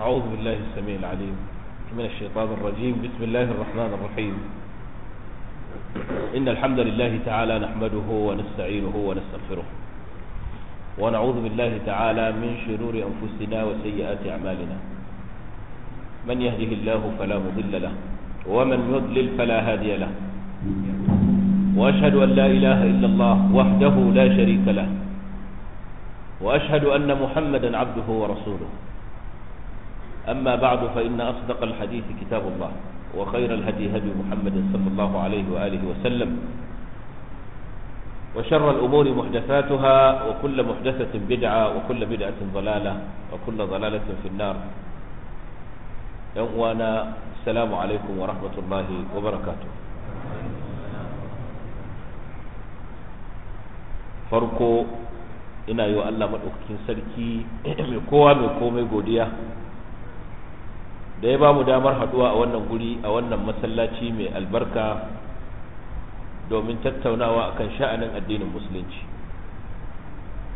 أعوذ بالله السميع العليم من الشيطان الرجيم بسم الله الرحمن الرحيم إن الحمد لله تعالى نحمده ونستعينه ونستغفره ونعوذ بالله تعالى من شرور أنفسنا وسيئات أعمالنا من يهده الله فلا مضل له ومن يضلل فلا هادي له وأشهد أن لا إله إلا الله وحده لا شريك له وأشهد أن محمدا عبده ورسوله أما بعد فإن أصدق الحديث كتاب الله وخير الهدي هدي محمد صلى الله عليه وآله وسلم وشر الأمور محدثاتها وكل محدثة بدعة وكل بدعة ضلالة وكل ضلالة في النار يوانا السلام عليكم ورحمة الله وبركاته فرقوا ina yi wa Allah maɗaukakin sarki mai kowa mai komai godiya da ya ba mu damar haduwa a wannan guri a wannan masallaci mai albarka domin tattaunawa akan sha'anin addinin musulunci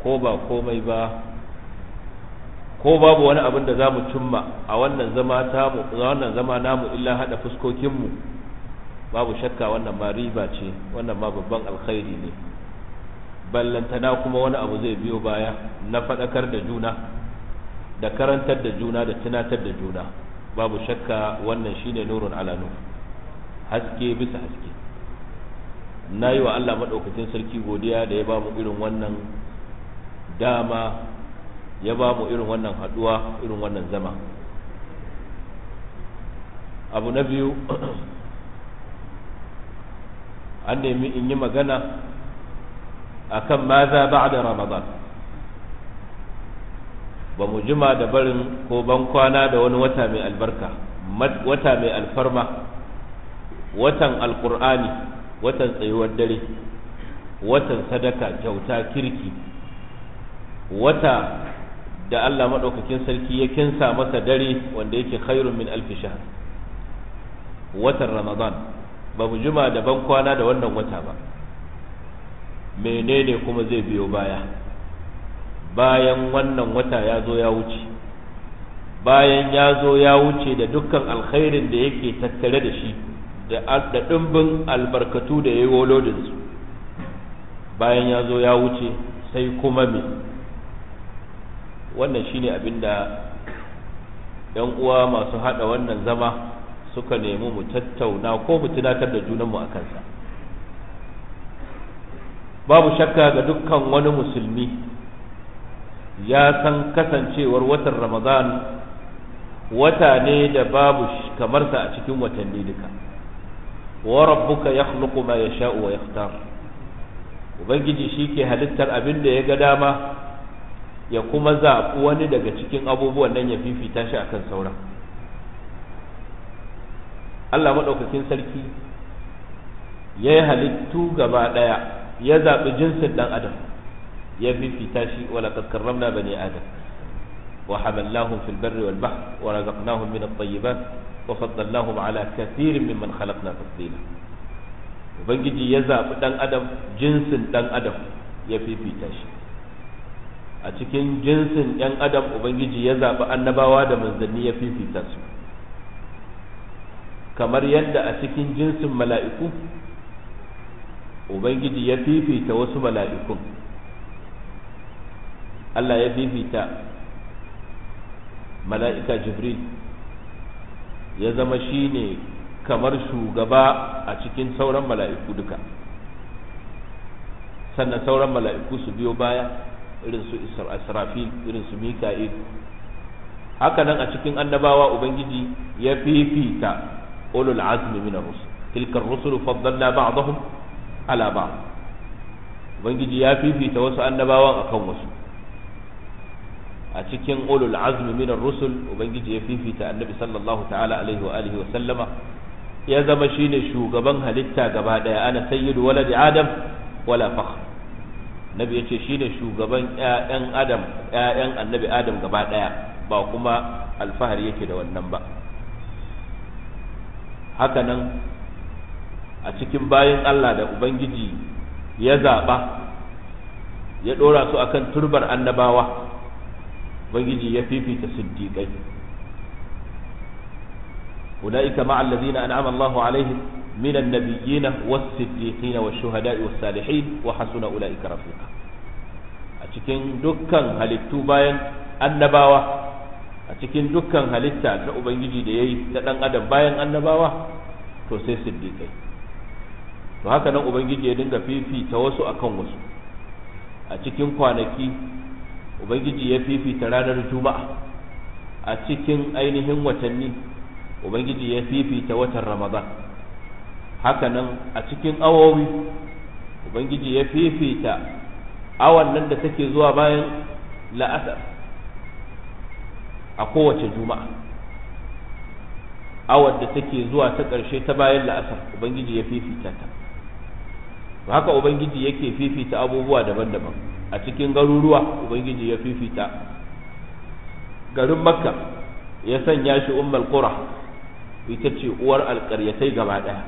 ko ba komai ba ko babu wani abin da za mu cimma a wannan zama tamu a wannan zama namu illa hada fuskokinmu babu shakka wannan ma riba ce wannan ma babban alkhairi ne ballantana kuma wani abu zai biyo baya na faɗakar da juna da karantar da juna da tunatar da juna babu shakka wannan shine nurun ala nur haske bisa haske na yi wa Allah maɗaukacin sarki godiya da ya bamu irin wannan dama ya bamu irin wannan haɗuwa irin wannan zama abu na biyu an nemi in yi magana akan maza ba'da ba da ramadan ba mu jima da barin ko ban kwana da wani wata mai albarka wata mai alfarma watan alkur'ani watan tsayuwar dare watan sadaka kyauta kirki wata da Allah maɗaukakin sarki ya kinsa masa dare wanda yake khairun min alfisha, watan ramadan ba mu jima da ban kwana da wannan wata ba menene kuma zai biyo baya bayan wannan wata ya zo ya wuce bayan ya zo ya wuce da dukkan alkhairin da yake tattare da shi da ɗimbin albarkatu da ya yi wolodinsu bayan ya zo ya wuce sai kuma me wannan shine abin da ɗan uwa masu haɗa wannan zama suka nemi mu tattauna ko mu tunatar da junanmu a kansa babu shakka ga dukkan wani musulmi ya san kasancewar watan ramadan wata ne da babu kamarsa a cikin watanni duka wa rabbuka yakhluqu ma yasha'u wa yakhtar ubangiji shike halittar abin da ya ga dama ya kuma zaɓi wani daga cikin abubuwan nan ya fifita shi akan sauran Allah maɗaukakin sarki ya yi halittu gaba ɗaya ya zaɓi jinsin ɗan adam ya fifita shi wala qad karramna bani adam wa hamallahum fil barri wal bahr wa razaqnahum min at-tayyibat wa faddalnahum ala kathirin mimman khalaqna tafdila ubangiji ya zabi dan adam jinsin dan adam ya fifita shi a cikin jinsin yan adam ubangiji ya zabi annabawa da manzanni ya fifita su kamar yadda a cikin jinsin mala'iku ubangiji ya fifita wasu mala'ikun Allah ya fifita mala'ika jibril ya zama shi ne kamar shugaba a cikin sauran mala'iku duka sannan sauran mala'iku su biyo baya irin su israfil irin su mika'il haka nan a cikin annabawa ubangiji ya fifita ulul azmi min rusul tilka rusul faddalna ba'dahum ala ba'd ubangiji ya fifita wasu annabawan akan wasu a cikin ulul azmi ar rusul ubangiji ya fifita annabi sallallahu ta'ala alaihi wa alihi wa sallama ya zama shine shugaban halitta gaba daya ana sayyidu waladi adam wala fakh nabi yace shine shugaban ƴaƴan adam ƴaƴan annabi adam gaba daya ba kuma alfahari yake da wannan ba haka nan a cikin bayin Allah da ubangiji ya zaba ya dora su akan turbar annabawa ubangiji ya fifita siddiqai ulaika ma'a alladhina an'ama Allahu alaihim من النبيين والصديقين والشهداء والصالحين وحسن أولئك rafiqa a cikin dukkan halittu bayan annabawa a cikin dukkan halitta ta ubangiji da yayi yi ta ɗan adam bayan annabawa to sai siddiqai to haka nan ubangiji ya dinga fifita wasu akan wasu a cikin kwanaki ubangiji ya fifita ranar juma'a a cikin ainihin watanni ubangiji ya fifita watan ramadan hakanan a cikin awowi ubangiji ya fifita awan nan da take zuwa bayan la'asar a kowace juma'a awar da take zuwa ta ƙarshe ta bayan la'asar ubangiji ya fifita ta haka ubangiji yake fifita abubuwa daban-daban a cikin garuruwa ubangiji ya fifita garin makka ya sanya shi ummul qura ita ce uwar alƙaryatai gaba ɗaya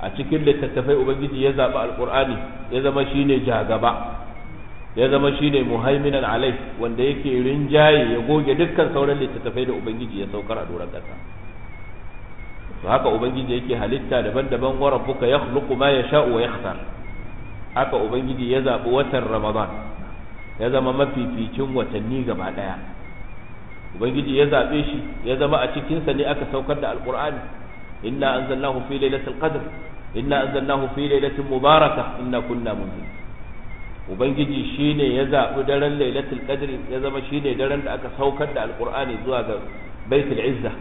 a cikin littattafai ubangiji ya zaɓi alƙur'ani ya zama shine jagaba ya zama shine muhaiminan alai wanda yake rinjaye ya goge dukkan sauran littattafai da ubangiji ya saukar a doron ƙasa haka ubangiji yake halitta daban-daban wa rabbuka yakhluqu ma yasha'u wa yakhtar haka ubangiji ya zaɓi watan ramadan ya zama mafificin watanni gaba ɗaya ubangiji ya zaɓe shi ya zama a cikinsa ne aka saukar da alƙur'ani inna anzalnahu fi lailatul qadr inna anzalnahu fi lailatin mubaraka inna kunna munzir ubangiji shine ya zaɓi daren lailatul qadr ya zama shine daren da aka saukar da alƙur'ani zuwa ga baitul izza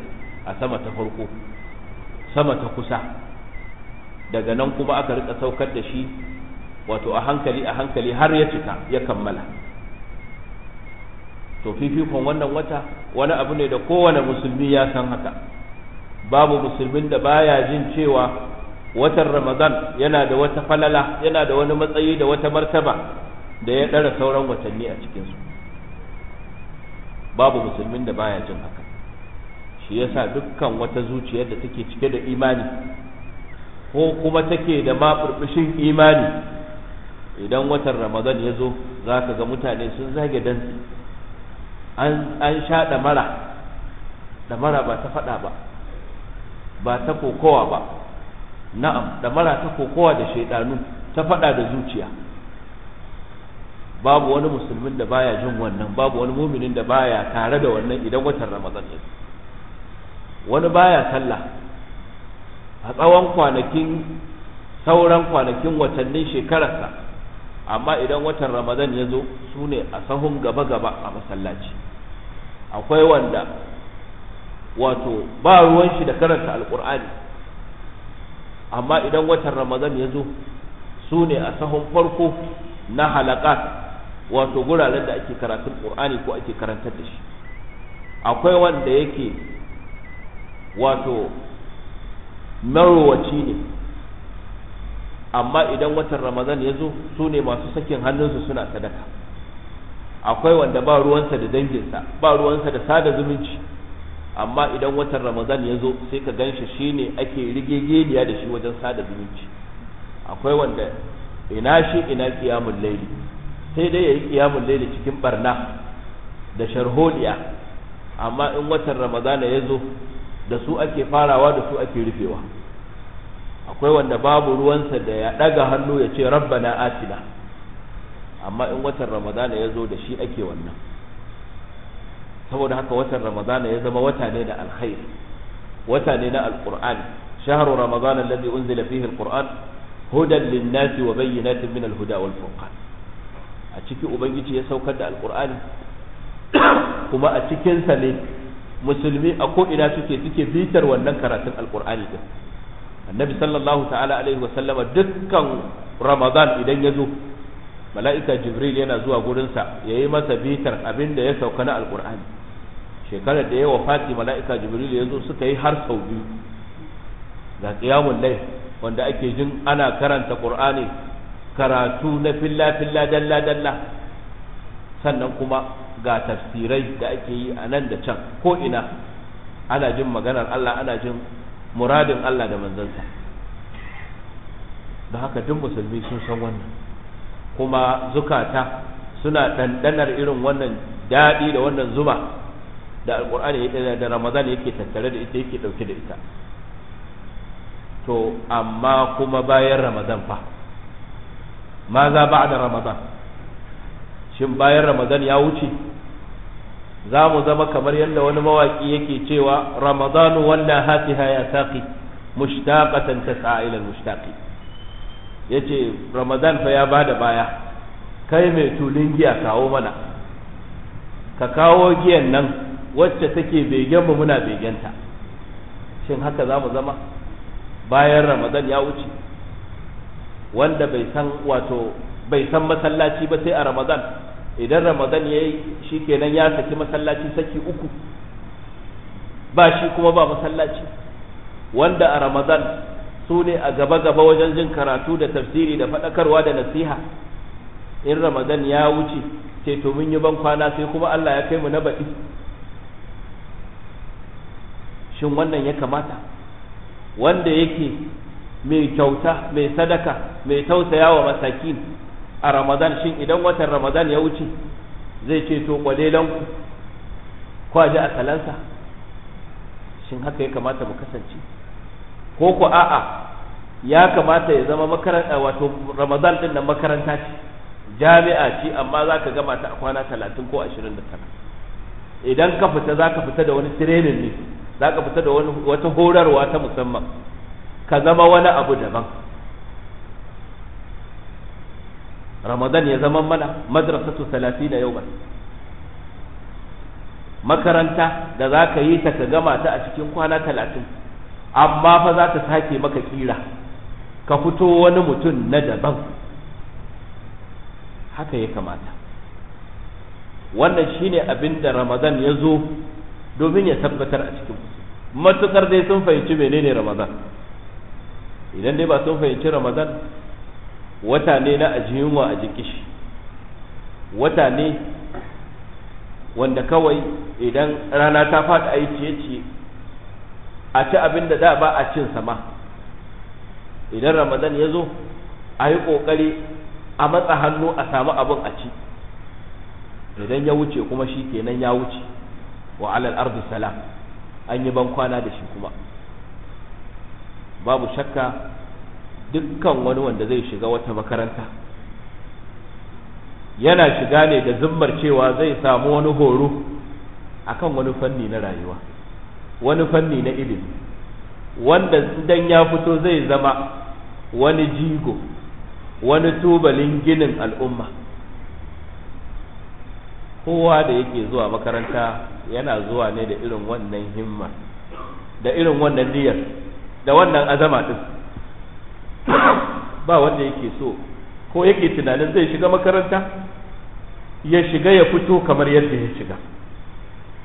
a sama ta farko sama ta kusa daga nan kuma aka rika saukar da shi wato a hankali a hankali har ya cika ya kammala to fifikon wannan wata wani abu ne da kowane musulmi ya san haka babu musulmin da baya jin cewa watan ramadan yana da wata falala yana da wani matsayi da wata martaba da ya ɗara sauran watanni a cikinsu babu musulmin da baya jin haka shi yasa dukkan wata zuciyar da take cike da imani ko kuma take da maɓurɓushin imani idan watan ramadan ya zo za ka ga mutane sun zage dantsi an sha da mara ba ta faɗa ba ba ta kokowa ba na'am mara ta kokowa da shaidanu ta faɗa da zuciya babu wani musulmin da baya jin wannan babu wani muminin da baya tare da wannan idan watan ramadan ya zo wani baya sallah a tsawon kwanakin sauran kwanakin watannin shekararsa amma idan watan ramadan ya zo su ne a sahun gaba-gaba a masallaci akwai wanda wato ba ruwan shi da karanta alkur'ani amma idan watan ramadan ya zo su ne a sahun farko na halaƙa wato guraren da ake karatun qur'ani ko ake karantar da shi akwai wanda yake wato marowaci ne amma idan watan ramadan ya zo su ne masu sakin hannunsu suna sadaka akwai wanda ba ruwansa da danginsa ba ruwansa da sada zumunci amma idan watan ramadan ya zo sai ka shi shine ake rigegeniya da shi wajen sada zumunci akwai wanda ina shi ina kiyamun laili sai dai ya yi kiyamun laili cikin barna da sharholiya amma in watan ramadana ya zo da su ake farawa da su ake rufewa akwai wanda babu ruwansa da ya daga hannu ya ce rabba na atina amma in watan ramadana ya zo da shi ake wannan saboda haka watan ramadana ya zama wata ne na alkhair wata ne na alqur'ani shahru ramadana alladhi unzila fihi alqur'an hudan lin-nasi wa bayyanatin min alhuda wal-furqan a ciki ubangiji ya saukar da alqur'ani kuma a cikinsa ne musulmi a ko ina suke suke bitar wannan karatun alqur'ani din annabi sallallahu ta'ala alaihi wa sallama dukkan ramadan idan ya zo mala'ika jibril yana zuwa gurinsa ya yi masa bitar abin da ya sauka na alkur'ani shekarar da ya wafati mala'ika jibril ya zo suka yi har sau biyu ga tsiyamun wanda ake jin ana karanta qur'ani karatu na filla filla dalla dalla sannan kuma ga tafsirai da ake yi a nan da can ko ina ana jin maganar allah ana jin muradin Allah da manzansa da haka duk musulmi sun san wannan kuma zukata suna ɗanɗanar irin wannan daɗi da wannan zuma da alƙur'ani da ramadan yake tattare da ita yake ɗauke da ita to amma kuma bayan ramadan fa ma za ba da ramadan shin bayan ramadan ya wuce za mu zama kamar yadda wani mawaki yake cewa ramadanu wanda hatiha ya taqi mushtaqatan tas'a ila mushtaqi yace ramadan fa ya bada baya kai mai tulin giya kawo mana ka kawo giyan nan wacce take begen mu muna begenta shin haka za mu zama bayan ramadan ya wuce wanda bai san wato bai san masallaci ba sai a ramadan idan ramadan ya yi shi kenan ya saki masallaci saki uku ba shi kuma ba masallaci wanda a ramadan su ne a gaba-gaba wajen jin karatu da tafsiri da faɗakarwa da nasiha in ramadan ya wuce ce to mun yi ban kwana sai kuma allah ya kai mu na baɗi shin wannan ya kamata wanda yake mai kyauta mai sadaka mai tausaya wa masakin a ramadan shin idan watan ramadan ya wuce zai ce to kwalelan kwaje a salansa shin haka ya kamata mu kasance ko ku a'a ya kamata ya zama makaranta wato ramadan din nan makaranta ce jami'a ce amma za ka gama ta a kwana talatin ko ashirin da tara idan ka fita za ka fita da wani training ne za ka fita da wata horarwa ta musamman ka zama wani abu daban ramadan ya zama mana madrasatu yau ba, makaranta da za ka yi ta ka gama ta a cikin kwana talatin amma fa za ta sake maka kira ka fito wani mutum na daban haka ya kamata wannan shine abin da ramadan ya zo domin ya tabbatar a cikin matukar dai sun fahimci menene ramadan idan dai ba sun fahimci ramadan wata ne na ajiyunwa a jikishi wata ne wanda kawai idan rana ta faɗi a yi ciye-ciye a ci abin da da ba a cin sama idan ramadan ya zo a yi ƙoƙari a matsa hannu a samu abin a ci idan ya wuce kuma shi kenan ya wuce wa alal ardi salam an yi ban kwana da shi kuma babu shakka dukkan wani wanda zai shiga wata makaranta yana shiga ne da zimmar cewa zai samu wani horo a kan wani fanni na rayuwa wani fanni na ilimi wanda idan ya fito zai zama wani jigo wani tubalin ginin al'umma kowa da yake zuwa makaranta yana zuwa ne da irin wannan himmar da irin wannan niyyar da wannan azama din ba wanda yake so ko yake tunanin zai shiga makaranta ya shiga ya fito kamar yadda ya shiga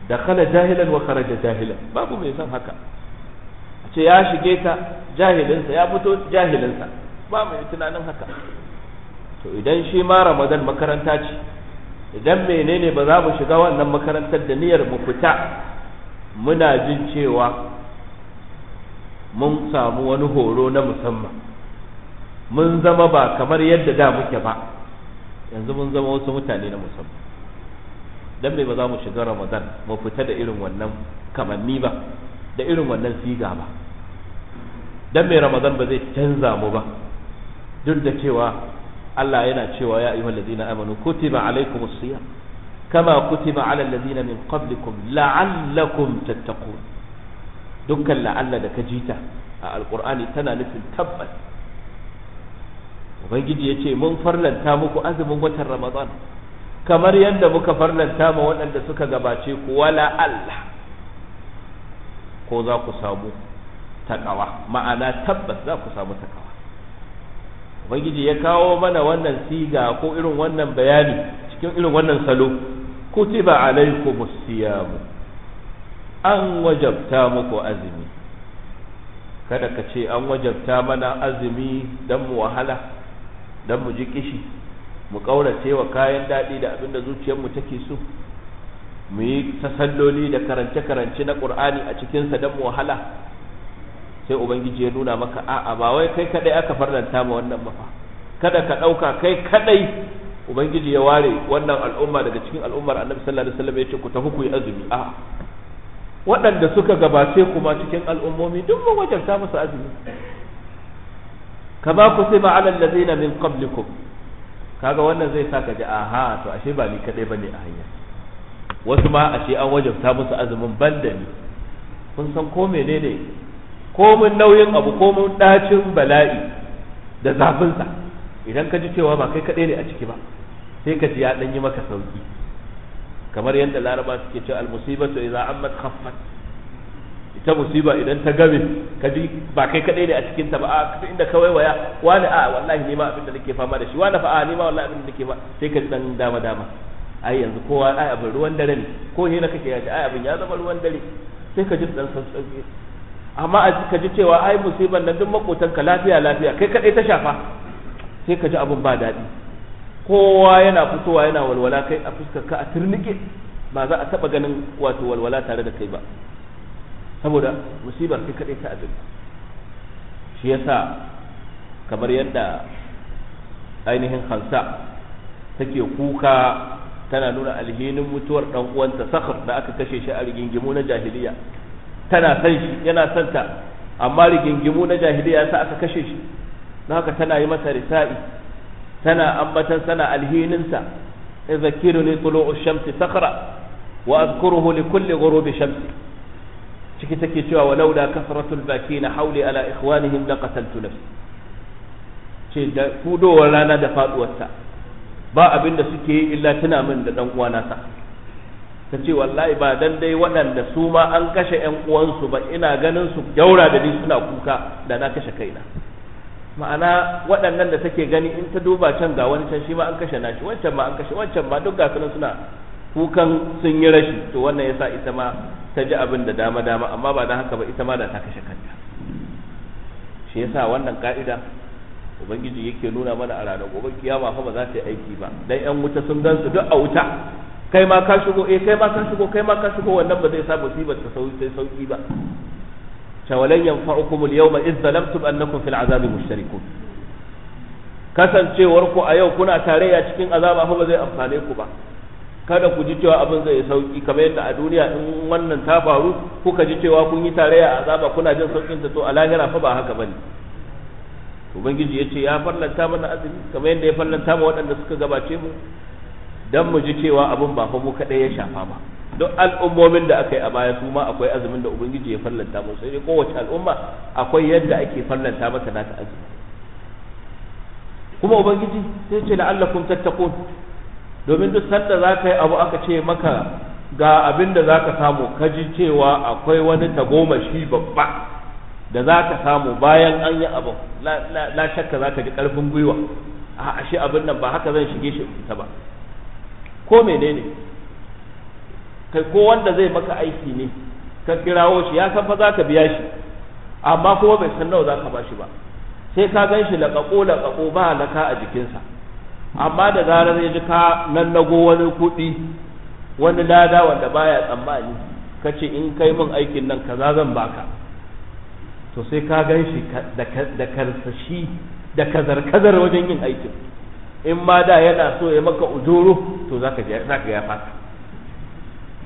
da kala jahilan wa kharaja jahilan babu mai san haka a ce ya shige ta jahilinsa ya fito jahilinsa ba mai tunanin haka to idan shi ma ramadan makaranta ce idan menene ba za mu shiga wannan makarantar da niyyar mu fita muna jin cewa mun samu wani horo na musamman mun zama ba kamar yadda da muke ba yanzu mun zama wasu mutane na musamman dan me ba za mu shiga ramadan mu fita da irin wannan kamanni ba da irin wannan siga ba dan me ramadan ba zai canza mu ba duk da cewa Allah yana cewa ya ayyuhal ladina amanu kutiba alaikumus siyam kama kutiba alal ladina min qablikum la'allakum tattaqun dukkan la'alla da kajita a alqur'ani tana nufin tabbas ubangiji ya ce mun farlanta muku azumin watan ramadan kamar yadda muka farlanta ma waɗanda suka gabace ku wala Allah ko za ku samu takawa ma'ana tabbas za ku samu takawa ubangiji ya kawo mana wannan siga ko irin wannan bayani cikin irin wannan salo kutiba alaikum siyamu an wajabta muku azumi kada ka ce an wajabta mana azumi dan mu wahala don mu ji kishi mu ƙaurace wa kayan daɗi da abin da mu take so mu yi tasalloli da karance-karance na ƙur'ani a cikinsa don mu wahala sai ubangiji ya nuna maka a'a ba wai kai kaɗai aka farlanta ma wannan ba kada ka ɗauka kai kaɗai ubangiji ya ware wannan al'umma daga cikin al'ummar annabi sallallahu alaihi wasallam ya ce ku tafi ku yi azumi a'a waɗanda suka gabace kuma cikin al'ummomi duk mun ta musu azumi ka ba kama sai ala allazina min qablikum kaga wannan zai sa ka ji aha to ashe ba ni kadai bane a hanya wasu ma ashe an wajabta musu azumin banda ni kun san ko menene mun nauyin abu ko mun ɗacin bala'i da zafin idan ka ji cewa ba kai kadai ne a ciki ba sai ka ji ya dan yi maka sauki kamar yadda laraba suke cewa al-musibatu idza ammat khaffat ita musiba idan ta game ka ji ba kai kadai ne a cikin ta ba a inda ka waya wani a wallahi ne ma abin da nake fama da shi wani fa a ne ma wallahi abin da nake ba sai ka dan dama dama ai yanzu kowa ai abin ruwan dare ne ko na kake ya ai abin ya zama ruwan dare sai ka ji dan sauki amma a ka ji cewa ai musiban nan duk ka lafiya lafiya kai kadai ta shafa sai ka ji abin ba daɗi kowa yana fitowa yana walwala kai a fuskar ka a turnike ba za a taba ganin wato walwala tare da kai ba saboda musibar kai kaɗai ta azumi shi yasa kamar yadda ainihin hansa take kuka tana nuna alhinin mutuwar dan uwanta sakhar da aka kashe shi a rigingimu na jahiliya tana san shi yana son ta amma rigingimu na jahiliya sa aka kashe shi don haka tana yi masa risa'i tana ambatan sana alhininsa zakiruni tulu'u shamsi sakhra wa azkuruhu li kulli ghurubi shamsi ciki take cewa walau da kasratul baki na hauli ala ikhwanihim la qataltu nafsi ce da kudowar rana da faduwarta ba abin da suke yi illa tuna min da dan uwana ta ta ce wallahi ba dan dai waɗanda su ma an kashe ƴan uwansu ba ina ganin su jaura da ni suna kuka da na kashe kaina ma'ana waɗannan da take gani in ta duba can ga wani can shi ma an kashe nashi wancan ma an kashe wancan ma duk ga suna kukan sun yi rashi to wannan yasa ita ma ta ji abin da dama dama amma ba dan haka ba ita ma da ta kashe kanta shi yasa wannan ka'ida ubangiji yake nuna mana a ranar gobe kiyama fa ba za ta yi aiki ba dan yan wuta sun gansu duk a wuta kai ma ka shigo eh kai ma ka shigo kai ma ka shigo wannan ba zai sa musibar ta sauki sai sauki ba shawalan yanfa'ukum al-yawma idh zalamtum annakum fil azabi mushtarikun kasancewar ku a yau kuna tarayya cikin azaba ba zai amfane ku ba kada ku ji cewa abin zai sauki kamar yadda a duniya in wannan ta faru kuka ji cewa kun yi tarayya a azaba kuna jin saukin ta to a lahira fa ba haka bane ubangiji ya ce ya fallanta mana azumi kamar yadda ya fallanta ma waɗanda suka gabace mu dan mu ji cewa abin ba fa mu kadai ya shafa ba duk al'ummomin da aka yi a baya su ma akwai azumin da ubangiji ya fallanta mu sai dai kowace al'umma akwai yadda ake fallanta mata nata azumi kuma ubangiji sai ce la'allakum tattaqun domin duk sanda za ka yi abu aka ce maka ga abin da za ka samu kaji cewa akwai wani tagomashi babba da za ka samu bayan an yi abu la shakka za ka ji ƙarfin gwiwa a ashe abin nan ba haka zan shige shi fita ba ko menene kai ko wanda zai maka aiki ne ka kirawo shi ya san fa za ka biya shi amma kuma bai san nawa za ka ba shi ba sai ka gan shi laƙaƙo laƙaƙo ba laka a jikinsa amma da zarar ya ji ka lallago wani kuɗi wani lada wanda baya tsammani ka ce in kai min aikin nan kaza zan baka to sai ka gan shi da karsashi da kazar-kazar wajen yin aikin in ma da yana so ya maka ujuru to za ka ya fata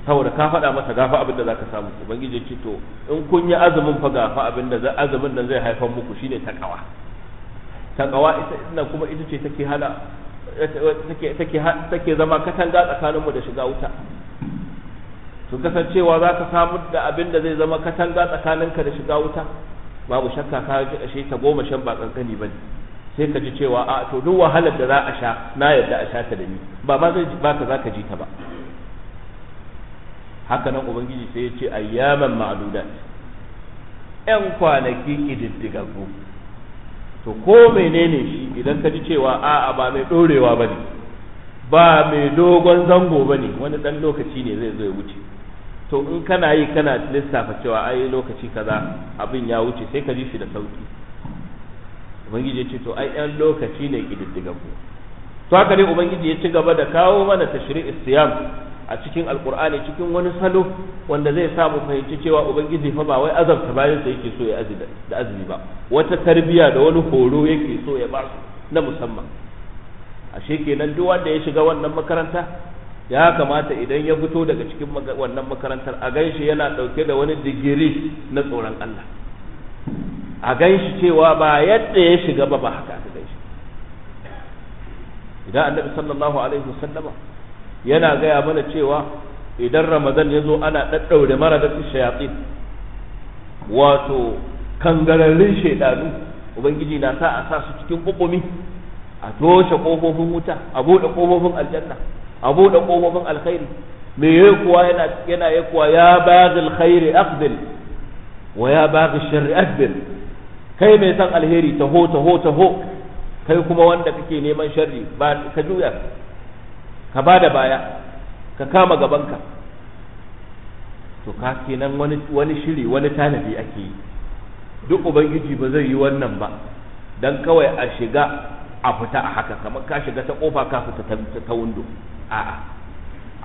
saboda ka faɗa masa gafa abin da za ka samu ubangiji ce to in kun yi azumin fa gafa abin da azumin nan zai haifar muku shine takawa takawa ita kuma ita ce take hana take zama katanga tsakaninmu da shiga wuta to kasancewa za ka samu da abin da zai zama katanga tsakaninka da shiga wuta babu shakka ka ji ashe ta goma shan ba kankani ba sai ka ji cewa a to duk wahalar da za a sha na yadda a sha ta da ni ba ma zai ba ka za ka ji ta ba haka nan ubangiji sai ya ce ayyaman ma'dudat 'yan kwanaki ƙididdigaggu to ko menene shi idan ka ji cewa a'a ba mai dorewa bane ba mai dogon zango bane wani dan lokaci ne zai zo ya wuce to in kana yi kana lissafa cewa ai lokaci kaza abin ya wuce sai ka ji shi da sauki ubangiji ya ce to ai ɗan lokaci ne ku. to haka ne ubangiji ya ci gaba da kawo mana tashri'is siyam a cikin alkur'ani cikin wani salo wanda zai sa mu fahimci cewa ubangiji fa ba wai azabta bayan sa yake so ya azida da azumi ba wata tarbiya da wani horo yake so ya ba su na musamman ashe kenan duk wanda ya shiga wannan makaranta ya kamata idan ya fito daga cikin wannan makarantar a ganshi yana dauke da wani digiri na tsoron Allah a ganshi cewa ba yadda ya shiga ba ba haka ta ganshi idan annabi sallallahu alaihi wasallama yana gaya mana cewa idan ramadan ya zo ana ɗaɗɗaure mara da shayatsin wato kangararrin shaidanu ubangiji na sa a sa su cikin kukumi a toshe ƙofofin wuta a buɗe ƙofofin aljanna a buɗe ƙofofin alkhairi me yayi kuwa yana yana kuwa ya bazi alkhairi aqbil wa ya bazi sharri adbil kai mai san alheri taho taho taho kai kuma wanda kake neman sharri ba ka juya ka ba da baya ka kama gabanka to ka kenan wani shiri wani tanadi ake yi duk ubangiji ba zai yi wannan ba dan kawai a shiga a fita a haka kamar ka shiga ta kofa ka fita ta wundo. a'a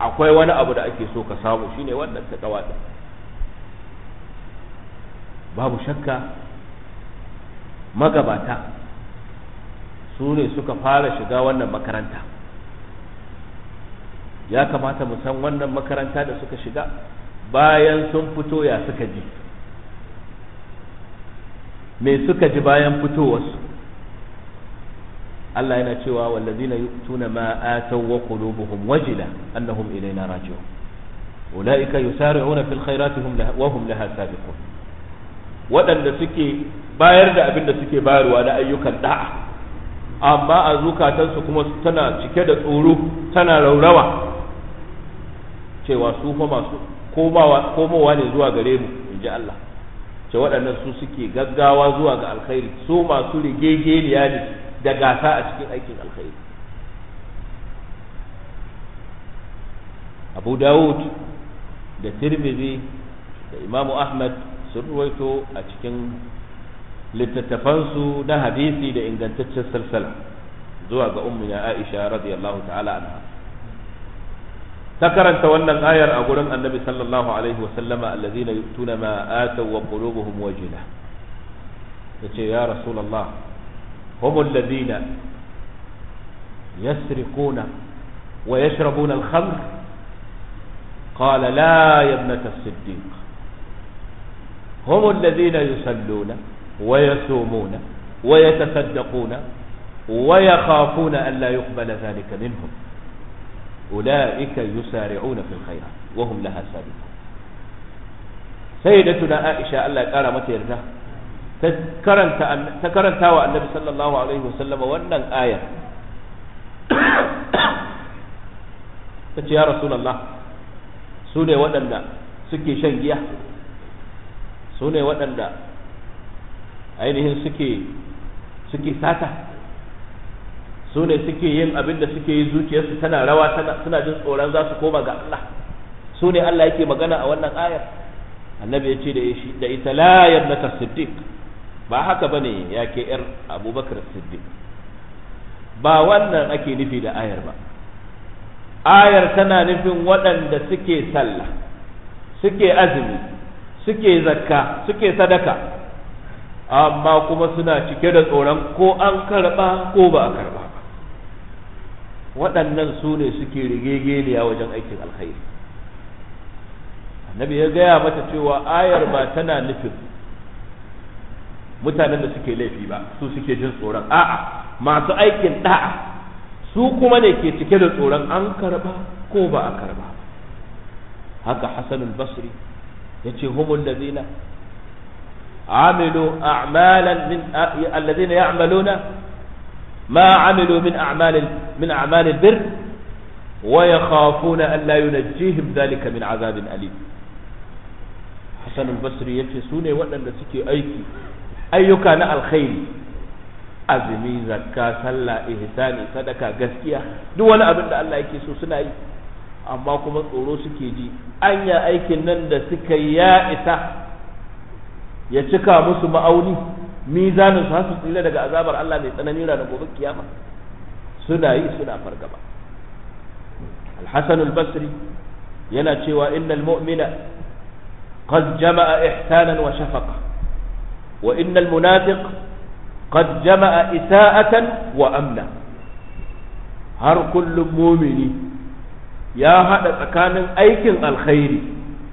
akwai wani abu da ake so ka samu shine wannan ta kawata babu shakka magabata su ne suka fara shiga wannan makaranta ya kamata mu san wannan makaranta da suka shiga bayan sun fito ya suka ji me suka ji bayan fitowarsu Allah yana cewa wallazina yu'tuna ma ataw wa qulubuhum wajila annahum ilayna raji'un ulaika yusari'una fil khairati hum wa hum laha sabiqun waɗanda suke bayar da abin da suke bayarwa na ayyukan da'a amma a zukatansu kuma tana cike da tsoro tana raurawa cewa su fa masu komowa ne zuwa gare mu in ji Allah ce waɗannan su suke gaggawa zuwa ga alkhairi su masu rigegeniya ne da gasa a cikin aikin alkhairi abu dawud da tirmidhi da imamu ahmad sun ruwaito a cikin littattafansu na hadisi da ingantaccen salsala zuwa ga ummina aisha radiyallahu ta'ala anha ta karanta wannan ayar a gurin annabi sallallahu alaihi wasallama allazina yu'tuna ma ata wa qulubuhum wajila yace ya rasulullah hum allazina yasriquna wa yashrabuna al-khamr qala la ya ibnata as-siddiq hum allazina yusalluna wa yasumuna wa yatasaddaquna wa yakhafuna an la yuqbala dhalika minhum ulaika yusari'una fil khairat wa hum laha sabiqun sayyidatuna aisha Allah ya kara mata yarda ta karanta wa annabi sallallahu alaihi wasallama wannan aya ta ce ya rasulallah su ne waɗanda suke shan giya su ne waɗanda ainihin suke sata su ne suke yin abin da suke yi zuciyarsu tana rawa suna jin tsoron za su koma ga Allah su ne Allah yake magana a wannan ayar annabi ya ce da ita la yabnata siddiq ba haka bane ya ke yar abubakar siddiq ba wannan ake nufi da ayar ba ayar tana nufin waɗanda suke sallah suke azumi suke zakka suke sadaka amma kuma suna cike da tsoron ko an karba ko ba a karba. waɗannan su ne suke rigegeniya wajen aikin alkhairi annabi ya gaya mata cewa ayar ba tana nufin mutanen da suke laifi ba su suke jin tsoron a'a masu aikin da'a su kuma ne ke cike da tsoron an karba ko ba a karba haka hasan al-basri yace humul ladina amilu a'malan min alladhina ya'maluna ما عملوا من أعمال من أعمال البر ويخافون أن لا ينجيهم ذلك من عذاب أليم حسن البصري يتي سوني وأن سكي أيكي أيك أنا الخير azumi zakka sallah ihsani sadaka gaskiya duk wani abin da Allah yake so suna yi amma kuma tsoro suke ji anya aikin nan da suka ya ya cika musu ma'auni mizanin su tsira daga azabar Allah mai tsanani ranar gobe kiyama suna yi suna fargaba al-hasan al-basri yana cewa innal mu'mina qad jama'a ihsanan wa shafaqa wa innal munafiq qad jama'a isa'atan wa amna har kullum mumini ya hada tsakanin aikin alkhairi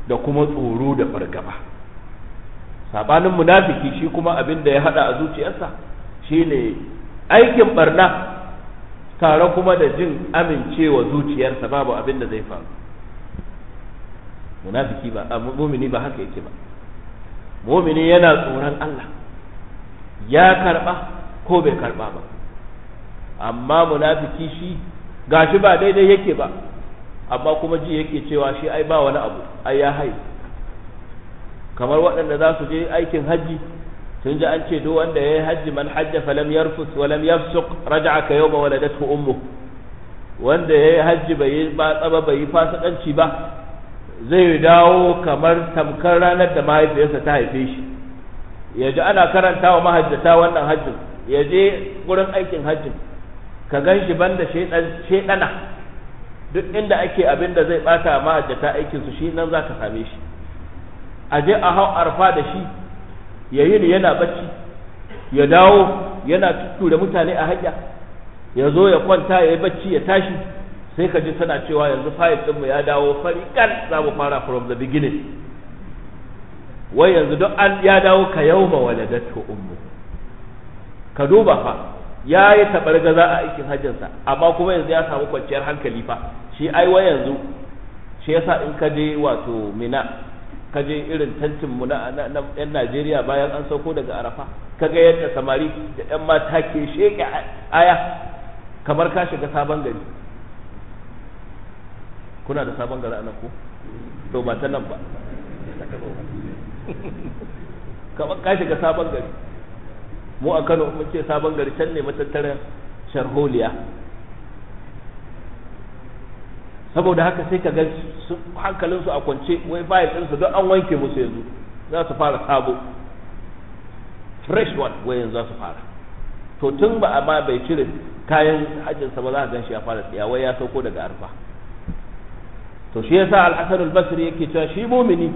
da kuma tsoro da fargaba sabanin munafiki shi kuma abin da ya hada a zuciyarsa shine aikin barna tare kuma da jin amincewa zuciyarsa babu abin da zai faru munafiki ba mumini ba haka yake ba mumini yana tsoron Allah ya karba ko bai karba ba amma munafiki shi gashi ba daidai yake ba amma kuma ji yake cewa shi ai ba wani abu ai ya haihu kamar waɗanda za su je aikin hajji sun ji an ce duk wanda ya yi hajji man hajja falam yarfus walam yafsuq raja'a ka yawma waladatu ummu wanda ya yi hajji bai yi ba tsaba bai yi fasikanci ba zai dawo kamar tamkar ranar da mahaifiyarsa ta haife shi yaje ana karanta wa mahajjata wannan hajjin yaje gurin aikin hajjin ka gan shi banda shedana duk inda ake abin da zai bata mahajjata aikinsu shi nan zaka same shi a je a hau arfa da shi ya yi yana bacci ya dawo yana da mutane a hanya ya zo ya kwanta ya yi bacci ya tashi sai ka ji tana cewa yanzu fayil ɗinmu ya dawo kan za mu fara from the beginning wai yanzu duk an ya dawo ka yau ma waladatu ummu ka duba fa ya yi taɓar gaza a aikin hajjinsa amma kuma yanzu ya samu kwanciyar hankali fa shi ai wai yanzu shi yasa in ka je wato mina ka je irin tantin mu na yan Najeriya bayan an sauko daga Arafa Ka ga yadda samari da yan mata ke sheke aya kamar ka shiga sabon gari kuna da sabon gari anan ko to ba ta nan ba kamar ka shiga sabon gari mu a Kano muke sabon gari can ne matattarar sharholiya saboda haka sai ka ga hankalin su a kwance wai fayil din su don an wanke musu yanzu za su fara sabo fresh one wai yanzu za su fara to tun ba a ma bai cire kayan hajjinsa ba za a ganshi ya fara tsiya wai ya sauko daga arfa to shi yasa al-hasan al-basri yake cewa shi mumini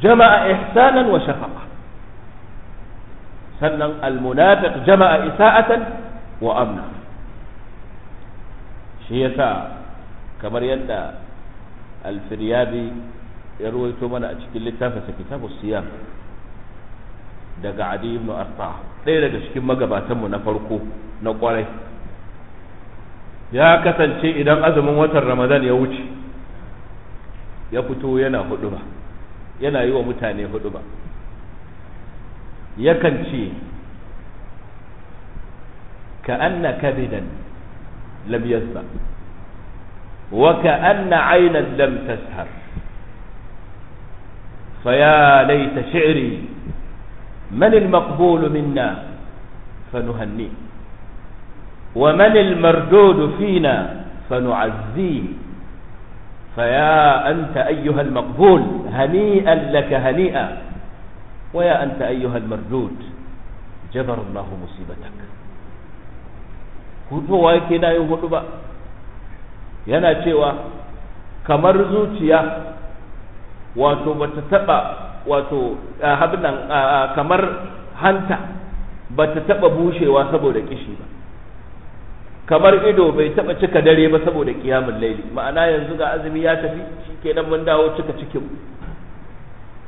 jama'a ihsanan wa shafaqa sannan al-munafiq jama'a isa'atan wa amna shi yasa kamar yadda alfiryabi ya ruwaito mana a cikin littafinsa kitabu siyam daga adi ibn arta ɗaya daga cikin magabatanmu na farko na kwarai ya kasance idan azumin watan ramadan ya wuce ya fito yana huduba yana yi wa mutane huduba yakan ce ka annaka kabidan lam وكأن عينا لم تسهر فيا ليت شعري من المقبول منا فنهنيه ومن المردود فينا فنعزيه فيا أنت أيها المقبول هنيئا لك هنيئا ويا أنت أيها المردود جبر الله مصيبتك هو كنا يغلب yana cewa kamar zuciya wato bata taba wato habnan kamar hanta bata taba bushewa saboda kishi ba kamar ido bai taba cika dare ba saboda kiyamun laili ma'ana yanzu ga azumi ya tafi shikenan mun dawo cika cikin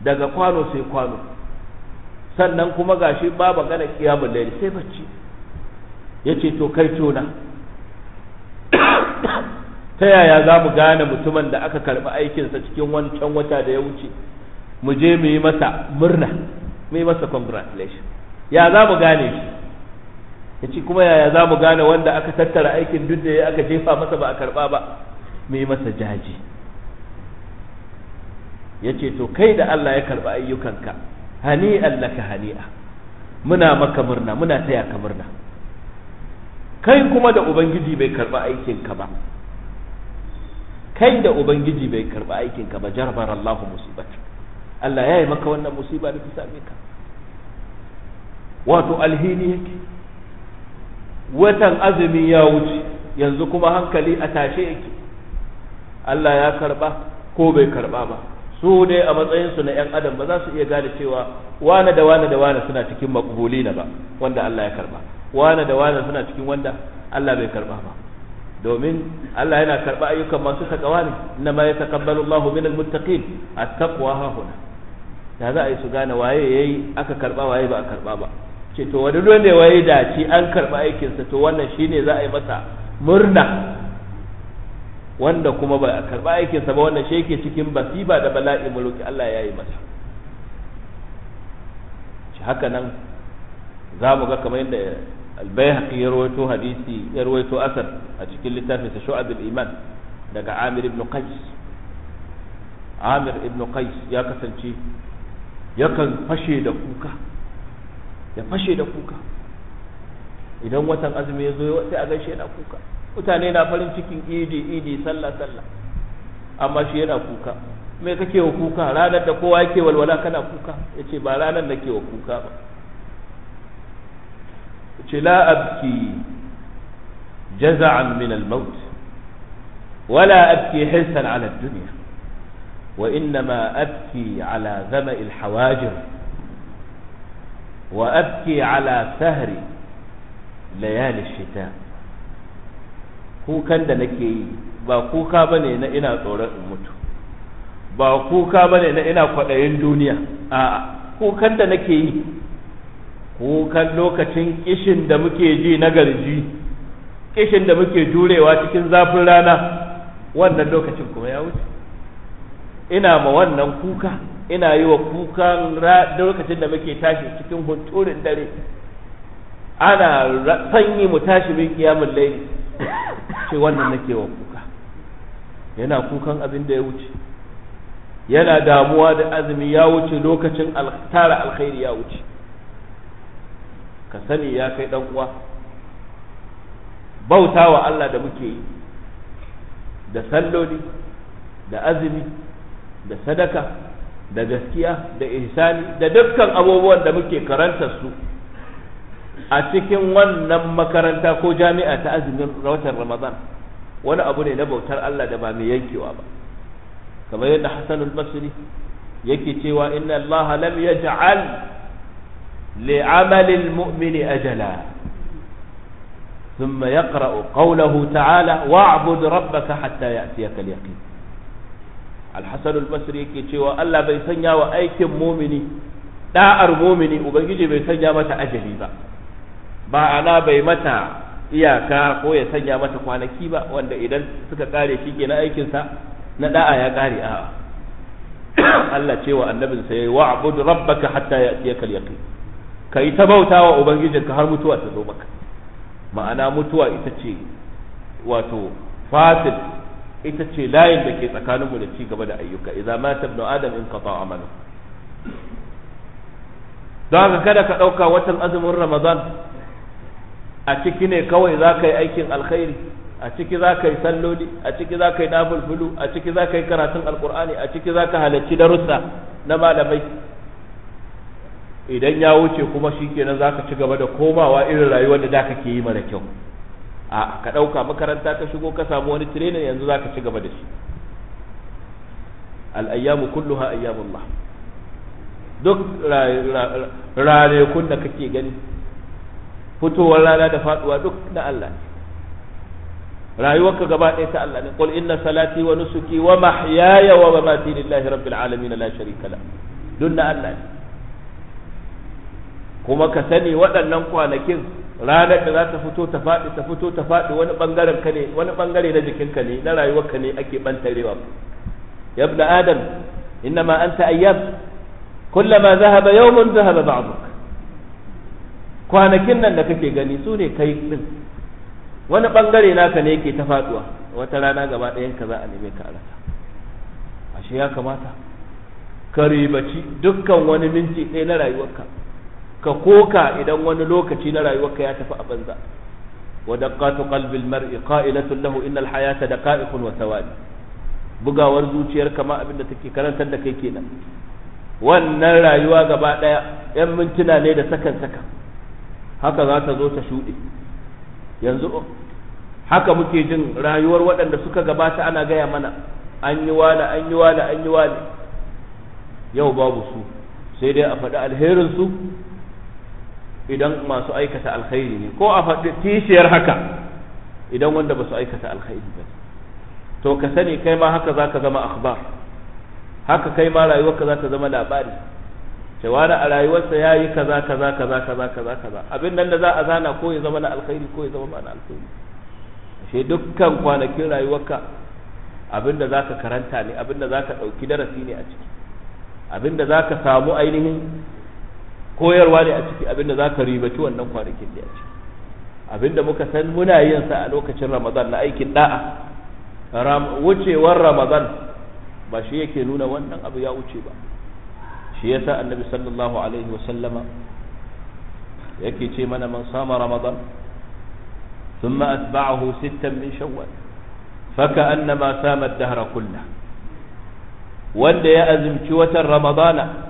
daga kwano sai kwano sannan kuma gashi ba magana kiyamun laili sai bacci yace to kai tona ta yaya za mu gane mutumin da aka karɓi aikinsa cikin wancan wata da ya wuce mu je mu yi masa murna mu yi masa congratulation ya za mu gane shi ya ce kuma yaya za mu gane wanda aka tattara aikin duk da ya aka jefa masa ba a karɓa ba mu yi masa jaji ya ce to kai da Allah ya karɓi ayyukanka hani'an laka hani'a muna maka murna muna taya ka murna kai kuma da ubangiji bai karɓi aikinka ba kai da ubangiji bai karba aikin ka ba jarbar Allah musibata Allah ya yi maka wannan musiba da ta same ka wato alhini yake watan azumi ya wuce yanzu kuma hankali a tashe yake Allah ya karba ko bai karba ba su dai a matsayinsu na 'yan adam ba za su iya gane cewa wane da wane da wane suna cikin makuhuli na ba wanda Allah ya karba wane da wane suna cikin wanda Allah bai karba ba domin Allah yana karɓa ayyukan masu takawa ne inna ma yataqabbalu Allahu minal muttaqin at-taqwa ha huna da za a yi su gane waye yayi aka karba waye ba a karba ba ce to wani ruwan da waye ci an aikin aikinsa to wannan shine za a yi masa murna wanda kuma ba a aikin aikinsa ba wannan shi yake cikin basiba da bala'i muluki Allah ya yi masa shi haka nan za mu ga kamar yadda البيهقي ya rawaito hadisi ya rawaito asar a cikin littafin sa shu'abul iman daga amir ibn qais amir ibn qais ya kasance yakan fashe da kuka ya fashe da kuka idan watan azumi ya zo sai a gaishe yana kuka mutane na farin cikin idi idi sallah sallah amma shi yana kuka me kake wa kuka ranar da kowa yake walwala kana kuka yace ba ranar ke wa kuka ba لا أبكي جزعا من الموت ولا أبكي حرصا على الدنيا وانما أبكي على ذمأ الحواجر وأبكي على سهر ليالي الشتاء kukan da nake yi ba kuka ba ne na ina tsoron in mutu ba kuka ba ne kukan lokacin kishin da muke ji na garji kishin da muke jurewa cikin zafin rana wannan lokacin kuma ya wuce ina ma wannan kuka ina yi wa kukan lokacin da muke tashi cikin hunturin dare ana sanyi mu tashi min kiyamun laili ce wannan nake wa kuka yana kukan abin da ya wuce yana damuwa da azumi ya wuce lokacin tara alkhairi ya wuce ka sani ya kai dan uwa bauta wa Allah da muke yi da salloli da azumi da sadaka da gaskiya da ihsani da dukkan abubuwan da muke karanta su a cikin wannan makaranta ko jami'a ta azumin watan Ramadan wani abu ne na bautar Allah da ba mai yankewa ba kamar yadda Hassan al-Basri yake cewa inna Allah lam yaj'al لعمل المؤمن أجلا ثم يقرأ قوله تعالى واعبد ربك حتى يأتيك اليقين الحسن البصري كي ألا بيسنيا وأيك مؤمني داعر مؤمني وبيجي بيسنيا متى أجلي با با أنا بي متى إياكا قوي يسنيا متى قوانكي كيبا وأن إذن سكتاري شيكي نأيك سا لا ايا قاري آه ألا تيوى النبي سيقول واعبد ربك حتى يأتيك اليقين ka yi ta bauta ubangijin ubangijinka har mutuwa ta zo maka ma'ana mutuwa ita ce wato fasid ita ce layin da ke tsakaninmu da ci gaba da ayyuka idza mata ibnu adam in qata amalu don haka kada ka ɗauka watan azumin ramadan a ciki ne kawai za ka yi aikin alkhairi a ciki za ka yi salloli a ciki za ka yi nafulfulu a ciki za ka yi karatun alkur'ani a ciki za ka halarci darussa na malamai idan ya wuce kuma shikenan ka ci gaba da komawa irin rayuwar da da ke yi mara kyau a ka ɗauka makaranta ka shigo ka samu wani trainer yanzu za ka ci gaba da shi al'ayyamu kulluha ayyamullah duk ranakun da kake gani fitowar rana da faduwa duk na Allah ne rayuwarka gaba ɗaya ta Allah ne qul inna salati wa nusuki wa mahyaya wa mamati lillahi rabbil alamin la sharika la duk na Allah ne kuma ka sani waɗannan kwanakin ranar da za ta fito ta faɗi ta fito ta faɗi wani ɓangaren ka ne wani ɓangare na jikinka ne na rayuwarka ne ake bantarewa ya bi adam ma innama anta ayyam kullama zahaba yawmun zahaba ba'duk kwanakin nan da kake gani su ne kai ɗin. wani ɓangare naka ne yake ta faɗuwa wata rana gaba ɗayan ka za a neme ka rasa ashe ya kamata ka ribaci dukkan wani minti ɗaya na rayuwarka ka koka idan wani lokaci na rayuwarka ya tafi a banza wa daqqatu qalbi al-mar'i qa'ilatun lahu innal hayata daqa'iqun wa thawani bugawar zuciyar kama abinda take karantar da kai kenan wannan rayuwa gaba daya yan mintuna ne da sakan saka. haka za ta zo ta shuɗe yanzu haka muke jin rayuwar waɗanda suka gabata ana gaya mana an yi wala an yi wala an yi wala yau babu su sai dai a faɗi alherin su idan masu aikata alkhairi ne ko a faɗi tishiyar haka idan wanda ba su aikata alkhairi ba to ka sani kai ma haka za ka zama akhbar haka kai ma rayuwarka za ta zama labari cewa da a rayuwarsa ya yi kaza kaza kaza kaza kaza kaza abin nan da za a zana ko ya zama na alkhairi ko ya zama ba na alkhairi shi dukkan kwanakin rayuwarka abin da za ka karanta ne abin da za ka ɗauki darasi ne a ciki abin da za ka samu ainihin koyarwa ne a ciki abinda za ka ribaci wannan kwanakin da ya ce abinda muka san muna yin sa a lokacin ramadan na aikin da'a wucewar ramadan ba shi yake nuna wannan abu ya wuce ba shi yasa annabi sallallahu alaihi wa sallama yake ce mana man sama ramadan thumma atba'ahu sittan min shawwal faka annama sama ad-dahra kullahu wanda ya azimci watan ramadana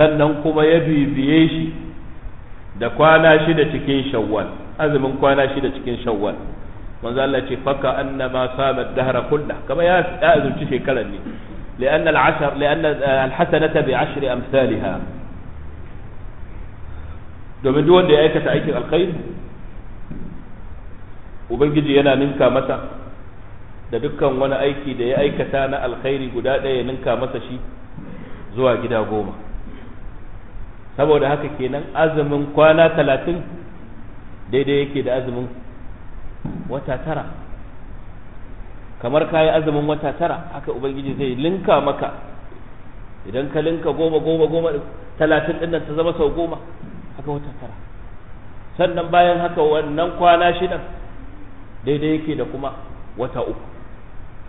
sannan kuma ya bibiye shi da kwana shida cikin shawwal azumin kwana shida cikin shawwal manzo Allah ce faka annama sama dahra kullah kama ya azumci shekaran ne لأن العشر لأن الحسنة بعشر أمثالها domin duk wanda ya aikata aikin alkhairi ubangiji yana ninka masa da dukkan wani aiki da ya aikata na alkhairi guda ɗaya ya ninka masa shi zuwa gida goma saboda haka kenan azumin kwana talatin daidai yake da azumin wata tara kamar ka yi azumin wata tara haka ubangiji zai linka maka idan ka linka goma goma goma talatin ɗin ta zama sau goma haka wata tara sannan bayan haka wannan kwana shidan daidai yake da kuma wata uku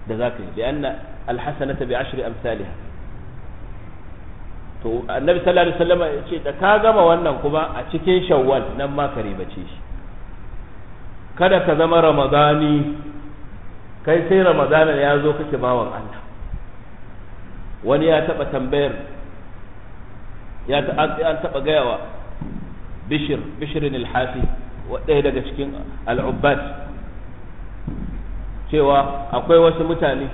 da za ka yi da anna alhassanata bi ashri amsalha to annabi sallallahu alaihi wasallam ya ce da ka gama wannan kuma a cikin shawwal nan ma ka bace shi kada ka zama ramadani kai sai ramadana ya zo kake bawan Allah wani ya taba tambayar ya an taba gayawa bishir bishirin alhafi ɗaya daga cikin al'ubbat cewa akwai wasu mutane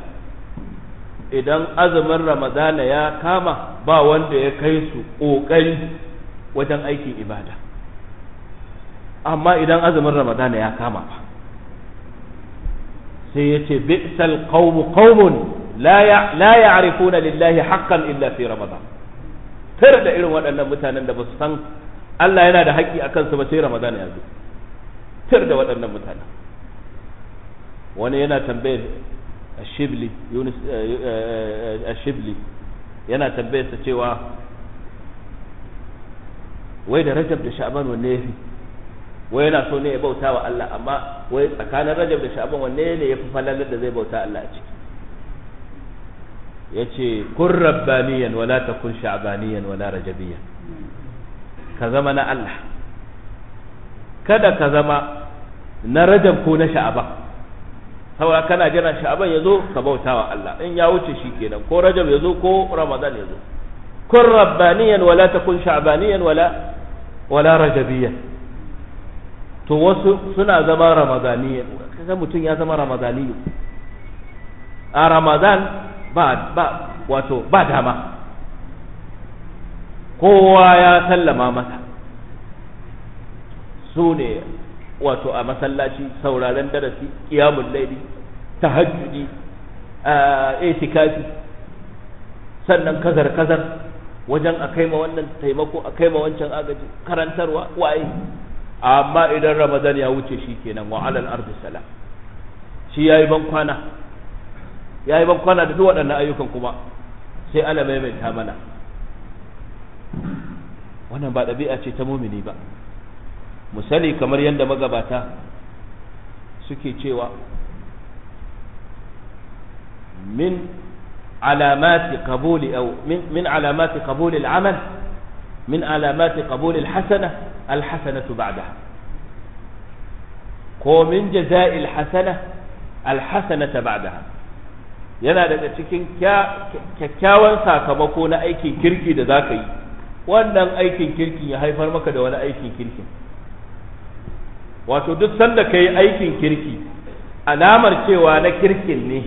idan azumin ramadana ya kama ba wanda ya kai su ƙoƙari wajen aikin ibada amma idan azumin ramadana ya kama ba sai ya ce bi'sal qawmu qawmun la ya'rifuna lillahi haqqan illa fi ramadan tar da irin waɗannan mutanen da ba su san Allah yana da haƙƙi akan su ba sai ramadana ya zo tar da waɗannan mutanen wani yana tambayar shibli yunus eh, eh, eh, shibli yana sa cewa wai da rajab da sha'ban wanne ne wai yana so ne ya bauta wa Allah amma wai tsakanin rajab da sha'ban wanne ne yafi falalar da zai bauta Allah a ciki yace kun rabbaniyan wala takun sha'baniyan wala rajabiyan ka zama na Allah kada ka zama na rajab ko na sha'ban saboda kana jiran sha'aban ya zo ka bauta wa Allah in ya wuce shi kenan ko rajab ya zo ko ramadan ya zo kun rabbaniyan wala takun sha'baniyan wala wala rajabiyan to wasu suna zama ramadaniyan kaga mutum ya zama ramadaniyo a ramadan ba ba wato ba dama kowa ya sallama masa su ne wato a masallaci sauraren darasi qiyamul laili tahajjudi itikafi sannan kazar kazar wajen a ma wannan taimako a ma wancan agaji karantarwa waye amma idan ramadan ya wuce shi kenan wa alal ardi sala shi yayi ban kwana yayi ban kwana da duk waɗannan ayyukan kuma sai ala maimaita mana wannan ba ɗabi'a ce ta mumini ba mu kamar yadda magabata suke cewa min alamati qabuli aw min alamati qabuli al'amal min alamati qabuli alhasana hasana ba'daha ko min jaza'il hasana al yana daga cikin kyakkyawan sakamako na aikin kirki da zaka yi wannan aikin kirki ya haifar maka da wani aikin kirki. wato duk sanda ka yi aikin kirki alamar cewa na kirkin ne